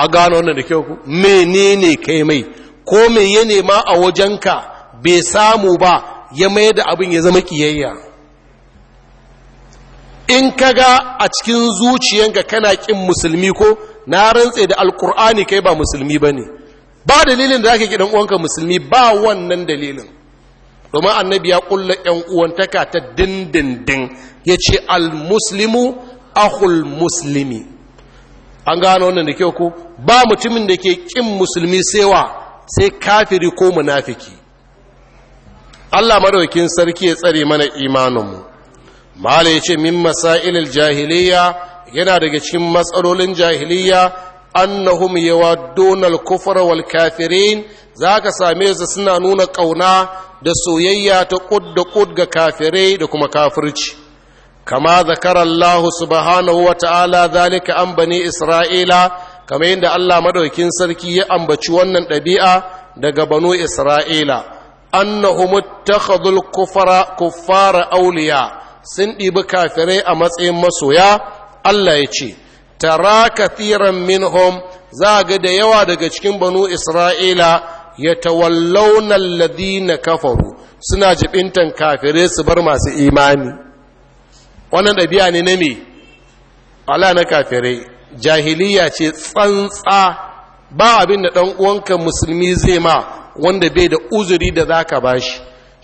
a gano wannan da kyau ku menene kai mai ko me ya nema a wajenka bai samu ba ya mai da abin ya zama kiyayya in kaga a cikin zuciyanka kana kin musulmi ko na rantse da alkur'ani kai ba musulmi ba ne ba dalilin da ake kidan uwanka musulmi ba wannan dalilin domin annabi ya kulla yan uwantaka ta dindindin ya ce almuslimu ahul muslimi an gano wannan da kyau ko ba mutumin da ke kin musulmi sewa sai kafiri ko munafiki Allah madaukin sarki ya tsare mana imaninmu mala ya ce min masailil jahiliya yana daga cikin matsalolin jahiliya annahum yawaddunal kufra wal kafirin zaka same su suna nuna kauna da soyayya ta kud da kud ga kafirai da kuma kafirci kama zakara Allah subhanahu wa ta'ala zalika an Isra'ila kamar yadda Allah madaukin sarki ya ambaci wannan ɗabi'a daga banu Isra'ila annahum ittakhadhul kufara kuffara awliya sun ɗibi kafirai a matsayin masoya Allah ya ce tara kathiran minhum za ga da yawa daga cikin banu Isra'ila ya ladina alladhina kafaru suna jibintan kafirai su bar masu imani wannan ɗabi'a ne na me ala na kafirai jahiliya ce tsantsa ba abin da ɗan uwanka musulmi zai ma wanda bai da uzuri da za ka ba shi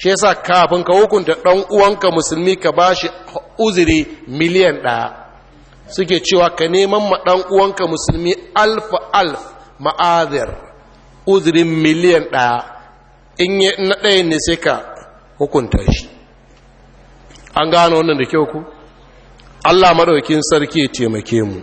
yasa kafin ka hukunta ɗan uwanka musulmi ka ba shi uzuri miliyan ɗaya suke cewa ka neman ma ɗan uwanka musulmi alfa alf ma'azir uzurin miliyan ɗaya in yi na ɗaya ne sai ka hukunta shi an gano wannan da kyau ku Allah madaukin sarki ya taimake mu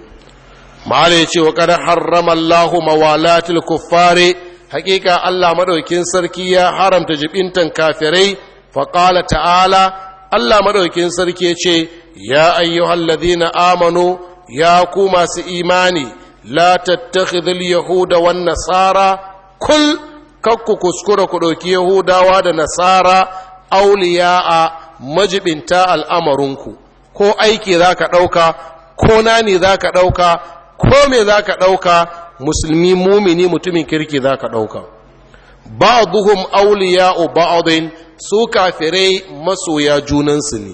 mala ya ce wa kada harrama Allahu mawalatil kuffari hakika Allah madaukin sarki ya haramta jibintan kafirai fa qala ta'ala Allah madaukin sarki ya ce ya ayyuhalladhina amanu ya ku masu imani la tattakhidhul yahuda wan nasara kul kakku kuskura ku ɗauki yahudawa da nasara a majibinta al'amarinku ko aiki za ka ɗauka ko nani za ka ɗauka ko me za ka ɗauka musulmi mumini mutumin kirki za ka ɗauka ba'duhum awliya'u ba'din su kafirai masoya junansu ne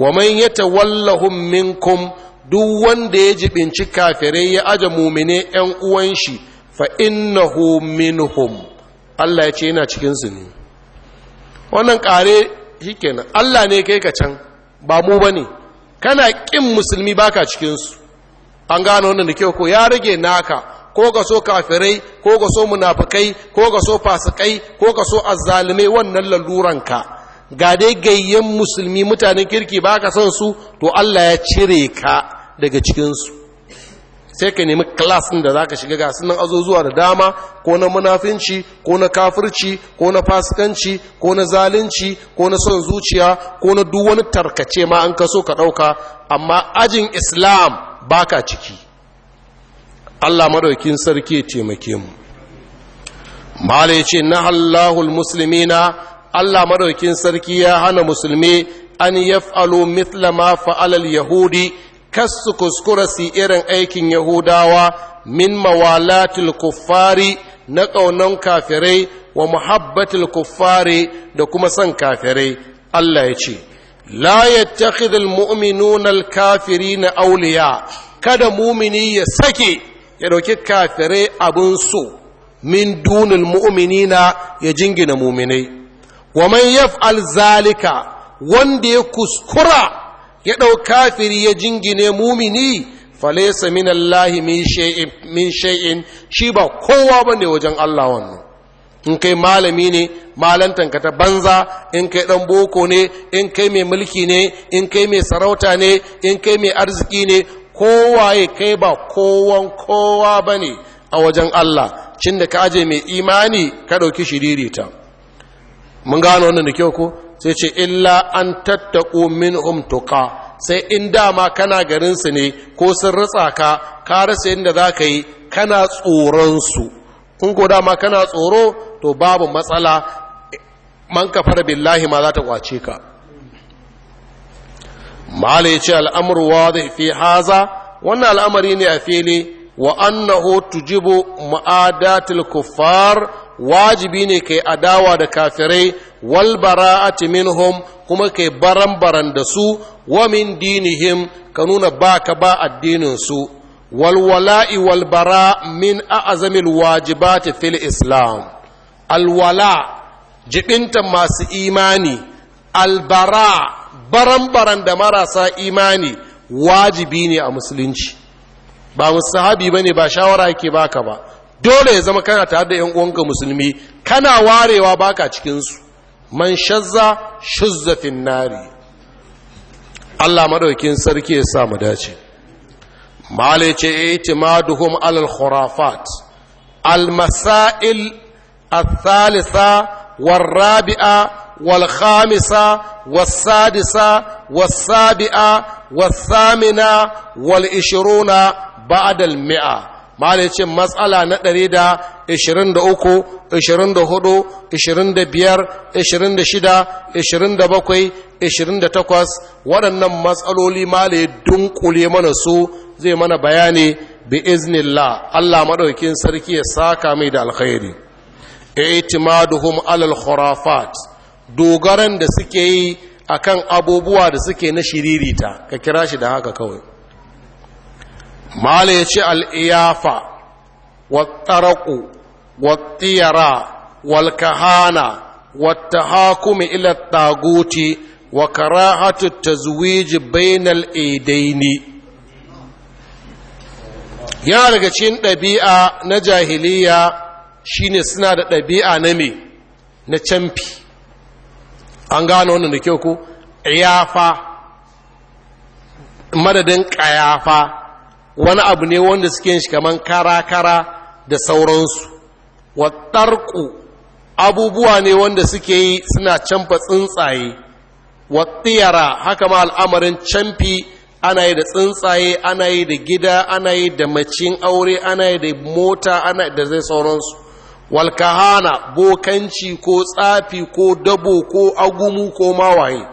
wa man yatawallahum minkum duk wanda ya jibinci kafirai ya aje mumine yan uwan shi fa innahu minhum Allah ya ce yana cikinsu ne wannan kare shikenan Allah ne kai ka can ba mu bane kana ƙin musulmi baka cikinsu an gano wannan da kyau ko ya rage naka ko ga so kafirai ko ga so munafukai ko ga so fasikai ko ga so azzalimai wannan laluranka ga dai gayyen musulmi mutanen kirki baka son su to Allah ya cire ka daga cikinsu sai ka nemi class da za ka shiga ga sunan azuzuwa da dama ko na munafinci ko na kafirci ko na fasikanci ko na zalunci ko na son zuciya ko na duk wani tarkace ma an kaso ka ɗauka. amma ajin islam ba ka ciki Allah maɗaukin sarki ya taimake mu mala yace musulmi na Allah maɗaukin sarki ya hana musulmi an yaf'alu mithla ma fa'alal yahudi kassu kuskura su irin aikin yahudawa min mawalatul kuffari na ƙaunan kafirai wa muhabbatul kuffari da kuma son kafirai Allah ya ce la yattakhidhul mu'minuna kafiri na auliya, kada mumini ya sake ya ɗauki kafirai abun so min dunul mu'minina ya jingina muminai wa man yaf'al zalika wanda ya kuskura ya ɗau kafiri ya jingine mumini falesa min Allahi min shay'in shi ba kowa bane wajen Allah wannan in kai malami ne ka ta banza in kai ɗan boko ne in kai mai mulki ne in kai mai sarauta ne in kai mai arziki ne kowaye kai ba kowan kowa bane a wajen Allah cin da ka aje mai imani ka ɗauki shiririta mun gano wannan da kyau ko sai ce illa an tattaƙo min umtuka sai in dama kana garinsu ne ko sun ritsa ka ka rasa inda za ka yi kana tsoronsu in ko dama kana tsoro to babu matsala man kafar billahi ma za ta kwace ka mala ya ce al'amur fi haza wannan al'amari ne a fili wa annahu tujibu ma'adatul kuffar wajibi ne kai adawa da kafirai wal bara'ati minhum kuma kai baran baran da su wa min dinihim ka nuna baka ba addinin su wal wala'i wal bara min a'zamil wajibati fil islam al wala jibinta masu imani al bara baran baran da marasa imani wajibi ne a musulunci ba musahabi bane ba shawara yake baka ba dole ya zama kana tare da 'yan uwanka musulmi kana warewa baka cikinsu man shuzzafin nari. finnari Allah madaukin sarki ya sa mu dace malai ce itimaduhum alal khurafat al masail athalitha war rabi'a wal khamisa wa sadisa was sabi'a was thamina wal ishruna ba'da al mi'a malai ce matsala na 123 waɗannan matsaloli mala ya dunkule mana su zai mana bayani bi iznillah Allah maɗaukin sarki ya saka mai da alkhairi i'timaduhum alal khurafat dogaran da suke yi akan abubuwa da suke na shiririta ka kira shi da haka kawai mala ya ce al'iyafa wattaraku wattiyara walkahana wata إلى الطاغوت وكراهة التزويج بين الإيدين ya daga cikin ɗabi'a na jahiliya shine suna da ɗabi'a na me na camfi an gano wannan da kyau ku? madadin ƙayafa wani abu ne wanda suke shi kamar kara-kara da sauransu wattarku abubuwa ne wanda suke yi suna canfa tsuntsaye wattiyara haka ma al'amarin canfi ana yi da tsuntsaye ana yi da gida ana yi da macin aure ana yi da mota ana da zai sauransu walkahana bokanci ko tsafi ko dabo ko agumu ko mawaye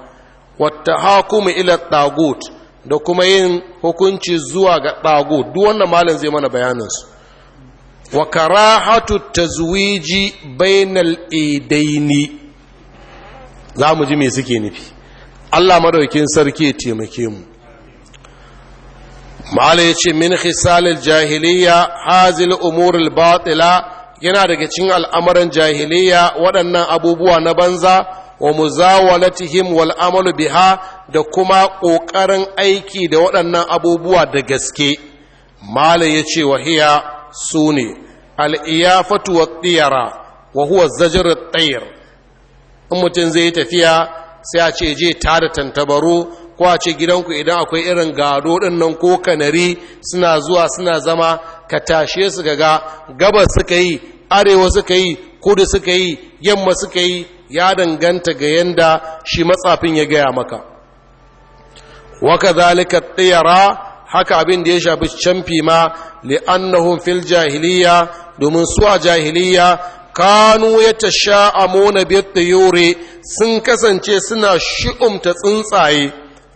wata hakumi ila tagot da kuma yin hukunci zuwa ga ɗago duk wannan malin zai mana bayaninsu wa karahatu tazwiji bainal idaini za mu ji me suke nufi Allah madaukin sarki ya taimake mu mala yace min khisalil jahiliya hazil umuril batila yana daga cikin al'amuran jahiliya waɗannan abubuwa na banza wa muzawalatihim wal amalu biha da kuma ƙoƙarin aiki da waɗannan abubuwa da gaske mala ya ce wa hiya su ne al'iyafatu wa tsiyara wa huwa zajirar tsayir in mutum zai yi tafiya sai a ce je ta da tantabaru ko a ce gidanku idan akwai irin gado ɗin nan ko kanari suna zuwa suna zama ka tashe su ga gabas suka yi arewa suka yi kudu suka yi yamma suka yi ya danganta ga yanda shi matsafin ya gaya maka waka zalika tsayara haka abin da ya shafi canfi ma li'annahun fil jahiliya domin su a jahiliya kanu ya ta sha'amuna Yore sun kasance suna shi'umta tsuntsaye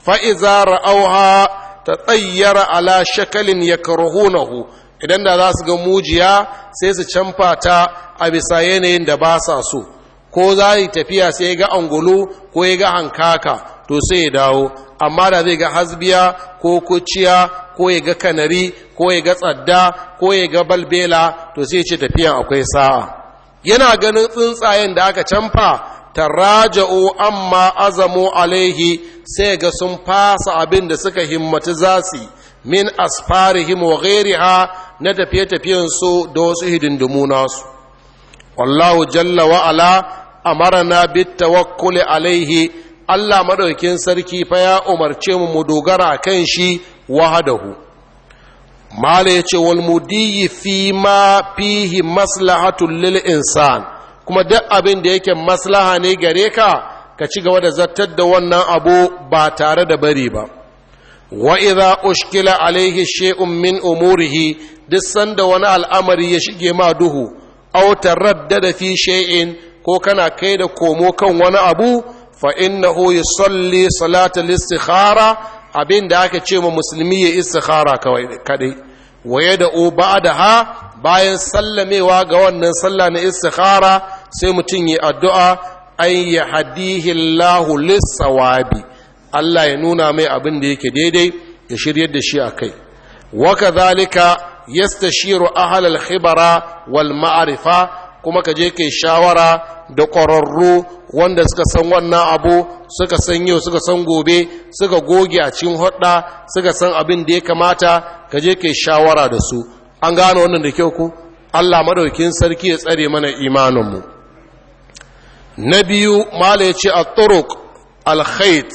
fa'iza ra'auha ta tsayyara ala shakalin ya karhunahu idan da za su ga mujiya sai su canfa ta a bisa yanayin da ba sa so ko za yi tafiya sai ga angulu ko ya ga hankaka to sai ya dawo amma da zai ga hasbiya ko kuciya ko ya ga kanari ko ya ga tsadda ko ya ga balbela to sai ce tafiyan akwai sa'a yana ganin tsuntsayen da aka canfa tarraja'u amma azamu alaihi sai ga sun fasa abin da suka himmatu zasu min asfarihim wa ghairiha na tafiye-tafiyen su da wasu hidindimu nasu wallahu jalla wa ala amarna bitawakkuli alaihi Allah madaukin sarki fa ya umarce mu mu dogara kan shi wahadahu mala yace wal mudiyi fi ma fihi maslahatul lil insan kuma duk abin da yake maslaha ne gare ka ka ci gaba da zartar da wannan abu ba tare da bari ba wa idza ushkila alaihi shay'un min umurihi duk sanda wani al'amari ya shige ma duhu aw taraddada fi shay'in ko kana kai da komo kan wani abu fa innahu yusalli salatal istikhara abin da aka ce ma musulmi ya istikhara kawai kadai waye da o da ha bayan sallamewa ga wannan sallah na istikhara sai mutum yi addu'a an ya hadihi Allahu Allah ya nuna mai abin da yake daidai ya shiryar da shi a kai waka zalika yastashiru ahlal khibara wal ma'arifa kuma ka je kai shawara da ƙwararru wanda suka san wannan abu suka san yau suka san gobe suka goge a cikin hudda suka san abin da ya kamata ka je ke shawara da su an gano wannan da kyau ku Allah madaukin sarki ya tsare mana imaninmu na biyu mala ya ce a turuk alkhait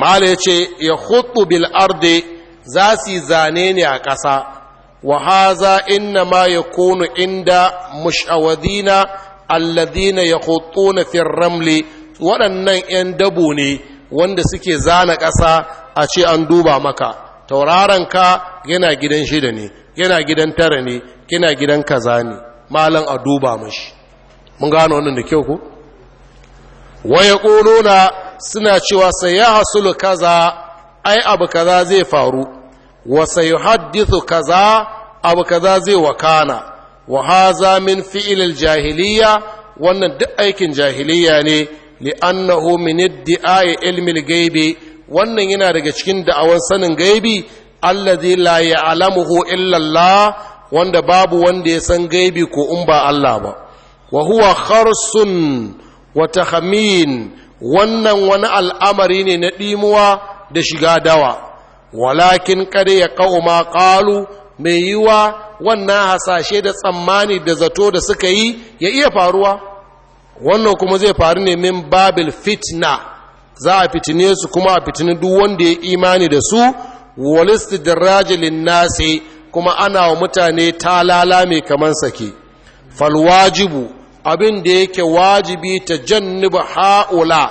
mala ya ce ya hutu bil arde za su yi zane ne a ƙasa وهذا إنما inna ma مشعوذين inda mushawadina في الرمل ولن ramli waɗannan 'yan dabo ne wanda suke zana ƙasa a ce an duba maka tauraron ka yana gidan shida ne yana gidan tara ne yana gidan kaza ne malan a duba mashi mun gano wannan da kyau ko waya ƙonona suna cewa sai ya hasulu kaza ai abu kaza zai faru wa sayuhaddithu kaza abu kaza zai wakana Wahazamin fi'ilin min fi'il jahiliya wannan duk aikin jahiliya ne li'annahu min iddi'ai ilmil gaibi wannan yana daga cikin da'awan sanin gaibi allazi la ya'lamuhu illa Allah wanda babu wanda ya san gaibi ko in ba Allah ba wa huwa kharsun wannan wani al'amari ne na ɗimuwa da shiga dawa walakin kare ya ƙauma ƙalu mai yiwa wannan hasashe da tsammani da zato da suka yi ya iya faruwa wannan kuma zai faru ne min babil fitna za a fitine su kuma a fitini duk wanda ya imani da su walisti da rajilin nasi kuma ana wa mutane talala mai kaman sake falwajibu abin da yake wajibi ta janniba ha'ula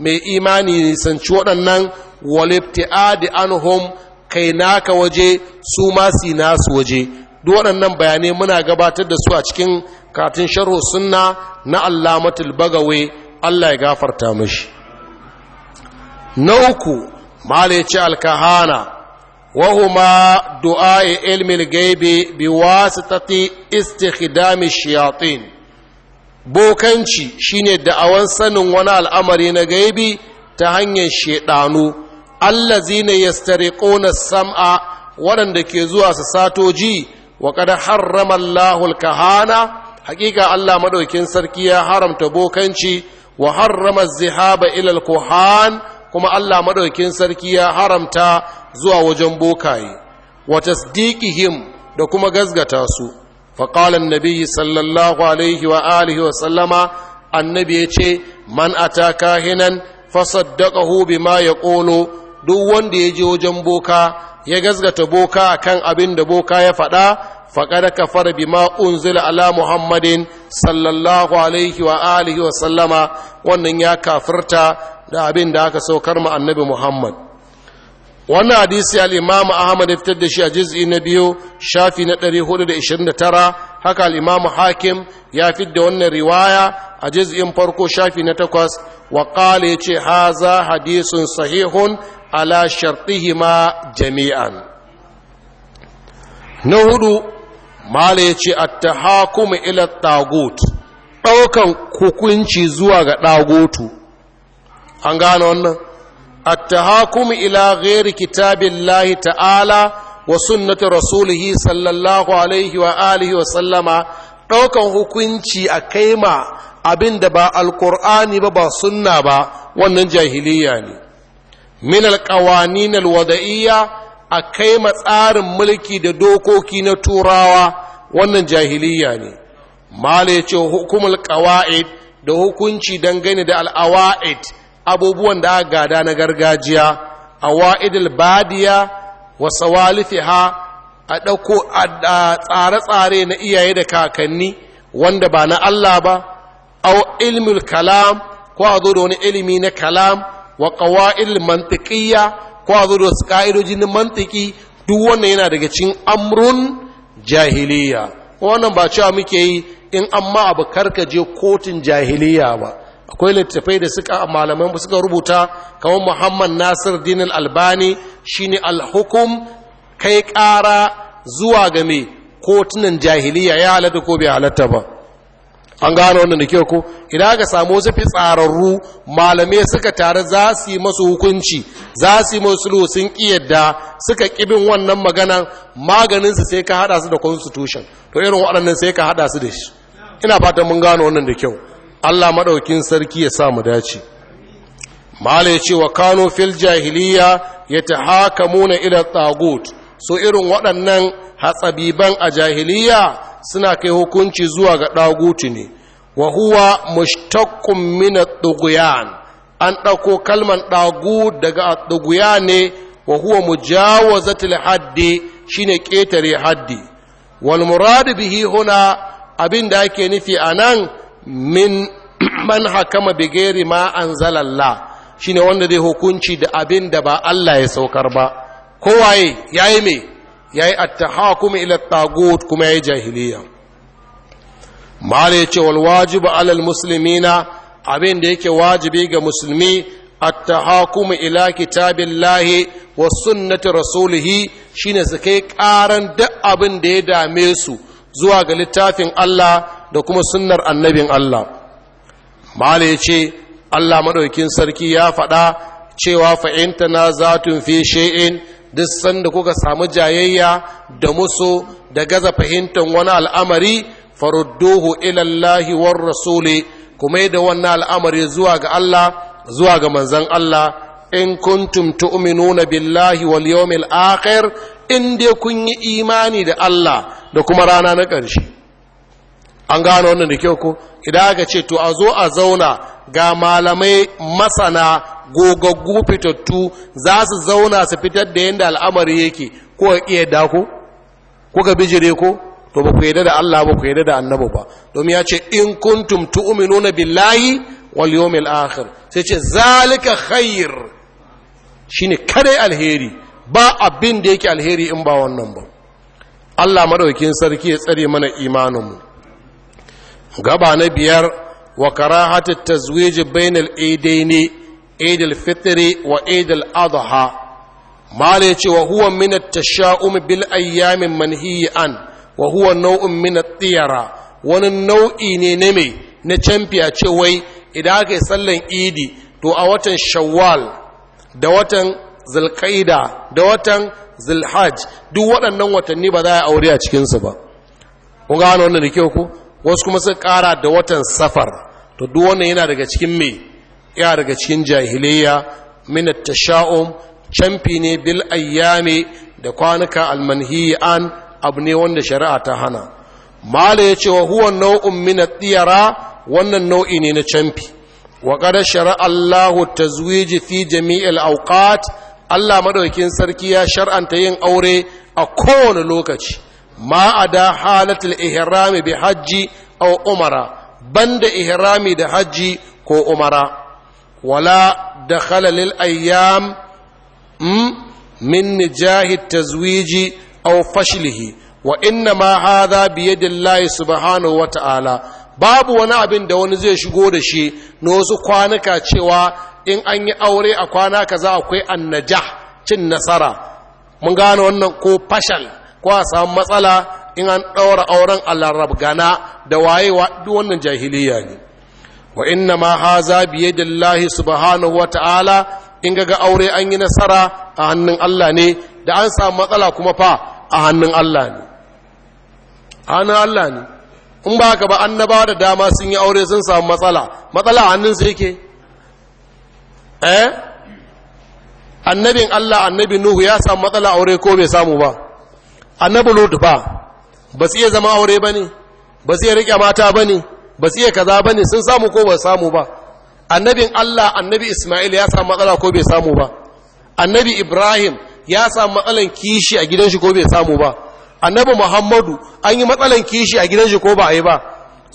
mai imani nisanci waɗannan walibti'adi anhum kai naka waje su ma si nasu waje duk waɗannan bayanai muna gabatar da su a cikin katin sharhu sunna na allamatul bagawe Allah ya gafarta mashi na uku malice alkahana وهما دعاء gaibe bi بواسطة istikhdami shayatin bokanci shine da'awan sanin wani al'amari na gaibi ta hanyar shedanu Allah zina allazina yastariquna sam'a waɗanda ke zuwa su sato ji wa qad harrama Allahul kahana hakika Allah madaukin sarki ya haramta bokanci wa harrama zihaba ila al kuma Allah maɗaukin sarki ya haramta zuwa wajen bokaye wa tasdiqihim da kuma gazgata su Faƙalan qala an-nabi sallallahu alaihi wa alihi wa sallama annabi ce man ataka hinan ma bima yaqulu duk wanda ya je wajen boka ya gazgata boka kan abin da boka ya faɗa ka fara bima unzila ala muhammadin sallallahu alaihi wa alihi wa sallama wannan ya kafirta da abin da aka saukar ma annabi muhammad wannan hadisi al'imamu ahmad ya fitar da shi a jiz'i na biyu shafi na 429 haka al'imamu hakim ya fitar da wannan riwaya a juz'in farko shafi na takwas wa ya yace haza hadisun sahihun ala shartihima jami'an na hudu mala ya ce attahakumu ila tagut ɗaukan hukunci zuwa ga ɗagutu an gane wannan attahakumu ila ghairi kitabillahi ta'ala wa sunnati rasulihi sallallahu alaihi wa alihi wa sallama ɗaukan hukunci a kaima abin da ba alkur'ani ba ba sunna ba wannan jahiliya ne min alƙawanin alwada'iyya a kai matsarin mulki da dokoki na turawa wannan jahiliya ne mala ya ce hukumul ƙawa'id da hukunci dangane da al'awa'id abubuwan da aka gada na gargajiya awa'idul badiya wa sawalifiha a ɗauko tsare-tsare na iyaye da kakanni wanda ba na Allah ba au ilmul kalam ko a zo da wani ilimi na kalam wa qawail mantiqiyya ko a zo da wasu na mantiki duk wannan yana daga cikin amrun jahiliya wannan ba cewa muke yi in amma abu karkaje kotun jahiliya ba akwai littattafai da suka malamai ba suka rubuta kamar Muhammad Nasir Din albani shine ne alhukum kai ƙara zuwa game kotunan jahiliya ya halatta ko bai halatta ba an gano wannan da kyau ko idan aka samu wasu fitsararru malamai suka tare za su yi masu hukunci za su yi masu sun kiyarda suka kibin wannan maganan maganinsu sai ka hada su da constitution to irin waɗannan sai ka hada su da shi ina fata mun gano wannan da kyau Allah madaukin sarki ya sa mu dace mala ya ce wa kano fil jahiliya yatahakamuna ila tagut so irin waɗannan hatsabiban a jahiliya suna kai hukunci zuwa ga ɗagutu ne wa huwa mushtaqqun min an ɗauko kalman ɗagu daga ɗuguya ne wa huwa mujawazatul haddi shine ƙetare haddi wal muradu bihi huna abin da ake nufi anan min man hakama bi ghairi ma anzalallah shine wanda zai hukunci da abin da ba Allah ya saukar ba kowaye ya yi mai ya yi kuma ila tagut kuma ya yi jahiliya mala ya ce ba alal musulmi na, abin da yake wajibi ga musulmi kuma ila lahi wa sunnati rasulihi ne su kai karan duk abin da ya dame su zuwa ga littafin Allah da kuma sunnar annabin Allah mala ya ce Allah maɗaukin sarki ya faɗa cewa fa'inta na zatun fi she’in duk sanda kuka samu jayayya da musu da gaza fahimtar wani al'amari farudduhu ilallahi war rasuli kuma da wannan al'amari zuwa ga Allah zuwa ga manzan Allah in kuntum tu'minuna billahi wal yawmil akhir in dai kun yi imani da Allah da kuma rana na ƙarshe an gano wannan da kyau ko idan aka ce to a zo a zauna ga malamai masana gogaggu fitattu za su zauna su fitar da yadda al'amari yake ko iya dako ko ga bijire ko to ba ku da Allah ba ku yadda da annabi ba domin ya ce in kuntum tu'minuna billahi wal yawmil akhir sai ce zalika khair shine kare alheri ba abin da yake alheri in ba wannan ba Allah madaukin sarki ya tsare mana imaninmu gaba na biyar wa karahati tazwiji bainal aidaini aidil fitri wa aidil adha mala yace wa huwa min at-tasha'um bil ayyamin manhiyi an wa huwa naw'un min at-tiyara wani nau'i ne na mai na camfiya ce wai idan aka yi sallan idi to a watan shawwal da watan zulqaida da watan zulhaj duk waɗannan watanni ba za a aure a cikinsu ba kun gano wannan da kyau ko wasu kuma suka kara da watan safar to duk wannan yana daga cikin me yana daga cikin jahiliyya. min at-tasha'um camfi ne bil ayyami da kwanuka Almanhi an abu ne wanda shari'a ta hana mala ya ce wa huwa nau'un min at-tiyara wannan nau'i ne na camfi wa qad shara'a Allahu tazwij fi jami'il awqat Allah madaukin sarki ya shar'anta yin aure a kowane lokaci Ma'ada ada halatul ihrami bi hajji aw umara banda ihrami da hajji ko umara wala dakhala lil ayyam min nijahi tazwiji au fashlihi wa inna ma hadha bi yadillahi subhanahu wa ta'ala babu wani abin da wani zai shigo da shi na wasu kwanuka cewa in an yi aure a kwana kaza akwai annajah cin nasara mun gane wannan ko fashal ko a samu matsala in an ɗaura auren alarab gana da wayewa duk wannan jahiliya ne wa inna ma haza biye lahi subhanahu wa ta'ala in ga aure an yi nasara a hannun Allah ne da an samu matsala kuma fa a hannun Allah ne a hannun Allah ne in ba ka ba annaba da dama sun yi aure sun samu matsala matsala a hannun sai ke eh annabin Allah annabi Nuhu ya samu matsala aure ko bai samu ba annabi lut ba ba su iya zama aure ba ne ba su iya riƙe mata ba ne ba su iya kaza ba ne sun samu ko ba samu ba annabin allah annabi ismail ya samu matsala ko bai samu ba annabi ibrahim ya samu matsalan kishi a gidan shi ko bai samu ba annabi muhammadu an yi matsalan kishi a gidan shi ko ba a yi ba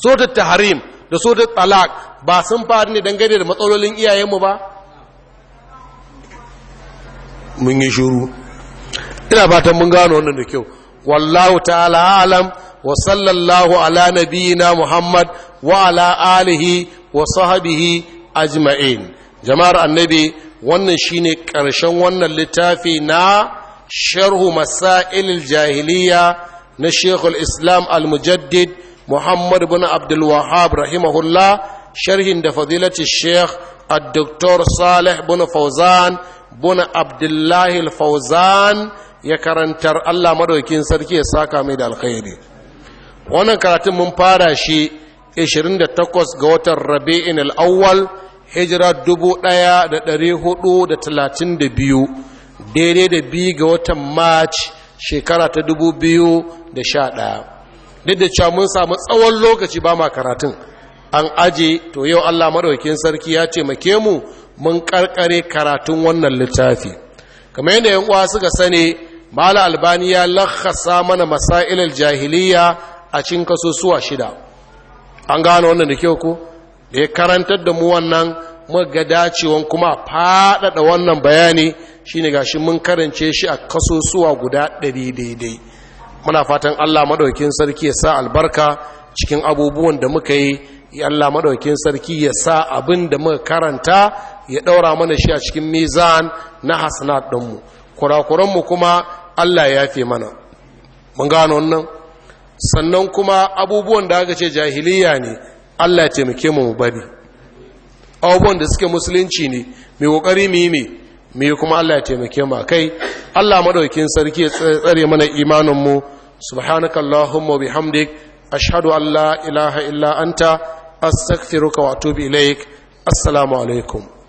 sotar taharim da sotar talak ba sun faru ne dangane da matsalolin iyayenmu ba mun yi shuru ina fatan mun gano wannan da kyau wallahu ta'ala alam wa sallallahu ala nabiyina muhammad wa ala alihi wa sahbihi ajma'in jama'ar annabi wannan shine karshen wannan littafi na sharhu masa'il jahiliya na shekul islam al-mujaddid muhammad bin abdul wahab rahimahullah sharhin da fadilati sheikh الدكتور صالح بن فوزان بن عبد الله الفوزان ya karantar Allah madaukin sarki ya saka mai da alkhairi wannan karatun mun fara shi 28 ga watan Rabi'in al-Awwal hijira 1432 daidai da biyu ga watan March shekara ta 2011 duk da cewa mun samu tsawon lokaci ba ma karatun an aje to yau Allah madaukin sarki ya ce make mu mun karkare karatun wannan littafi kamar yadda yan uwa suka sani mala albani ya lakhasa mana masailar jahiliya a cikin kasusuwa shida an gano wannan da kyau ko da ya karantar da mu wannan muga dacewan kuma faɗaɗa wannan bayani shine gashi mun karance shi a kasusuwa guda ɗari daidai muna fatan Allah maɗaukin sarki ya sa albarka cikin abubuwan da muka yi Allah maɗaukin sarki ya sa abin da muka karanta ya ɗaura mana shi a cikin mizan na hasanat ɗinmu kurakuranmu kuma Allah ya yafe mana mun gano wannan sannan kuma abubuwan da aka ce jahiliya ne Allah ya taimake mu mu bari abubuwan da suke musulunci ne mai kokari mu yi mai me kuma Allah ya taimake mu kai Allah madaukakin sarki ya tsare mana imanin mu subhanakallahumma bihamdik ashhadu an la ilaha illa anta astaghfiruka wa atubu ilaik assalamu alaikum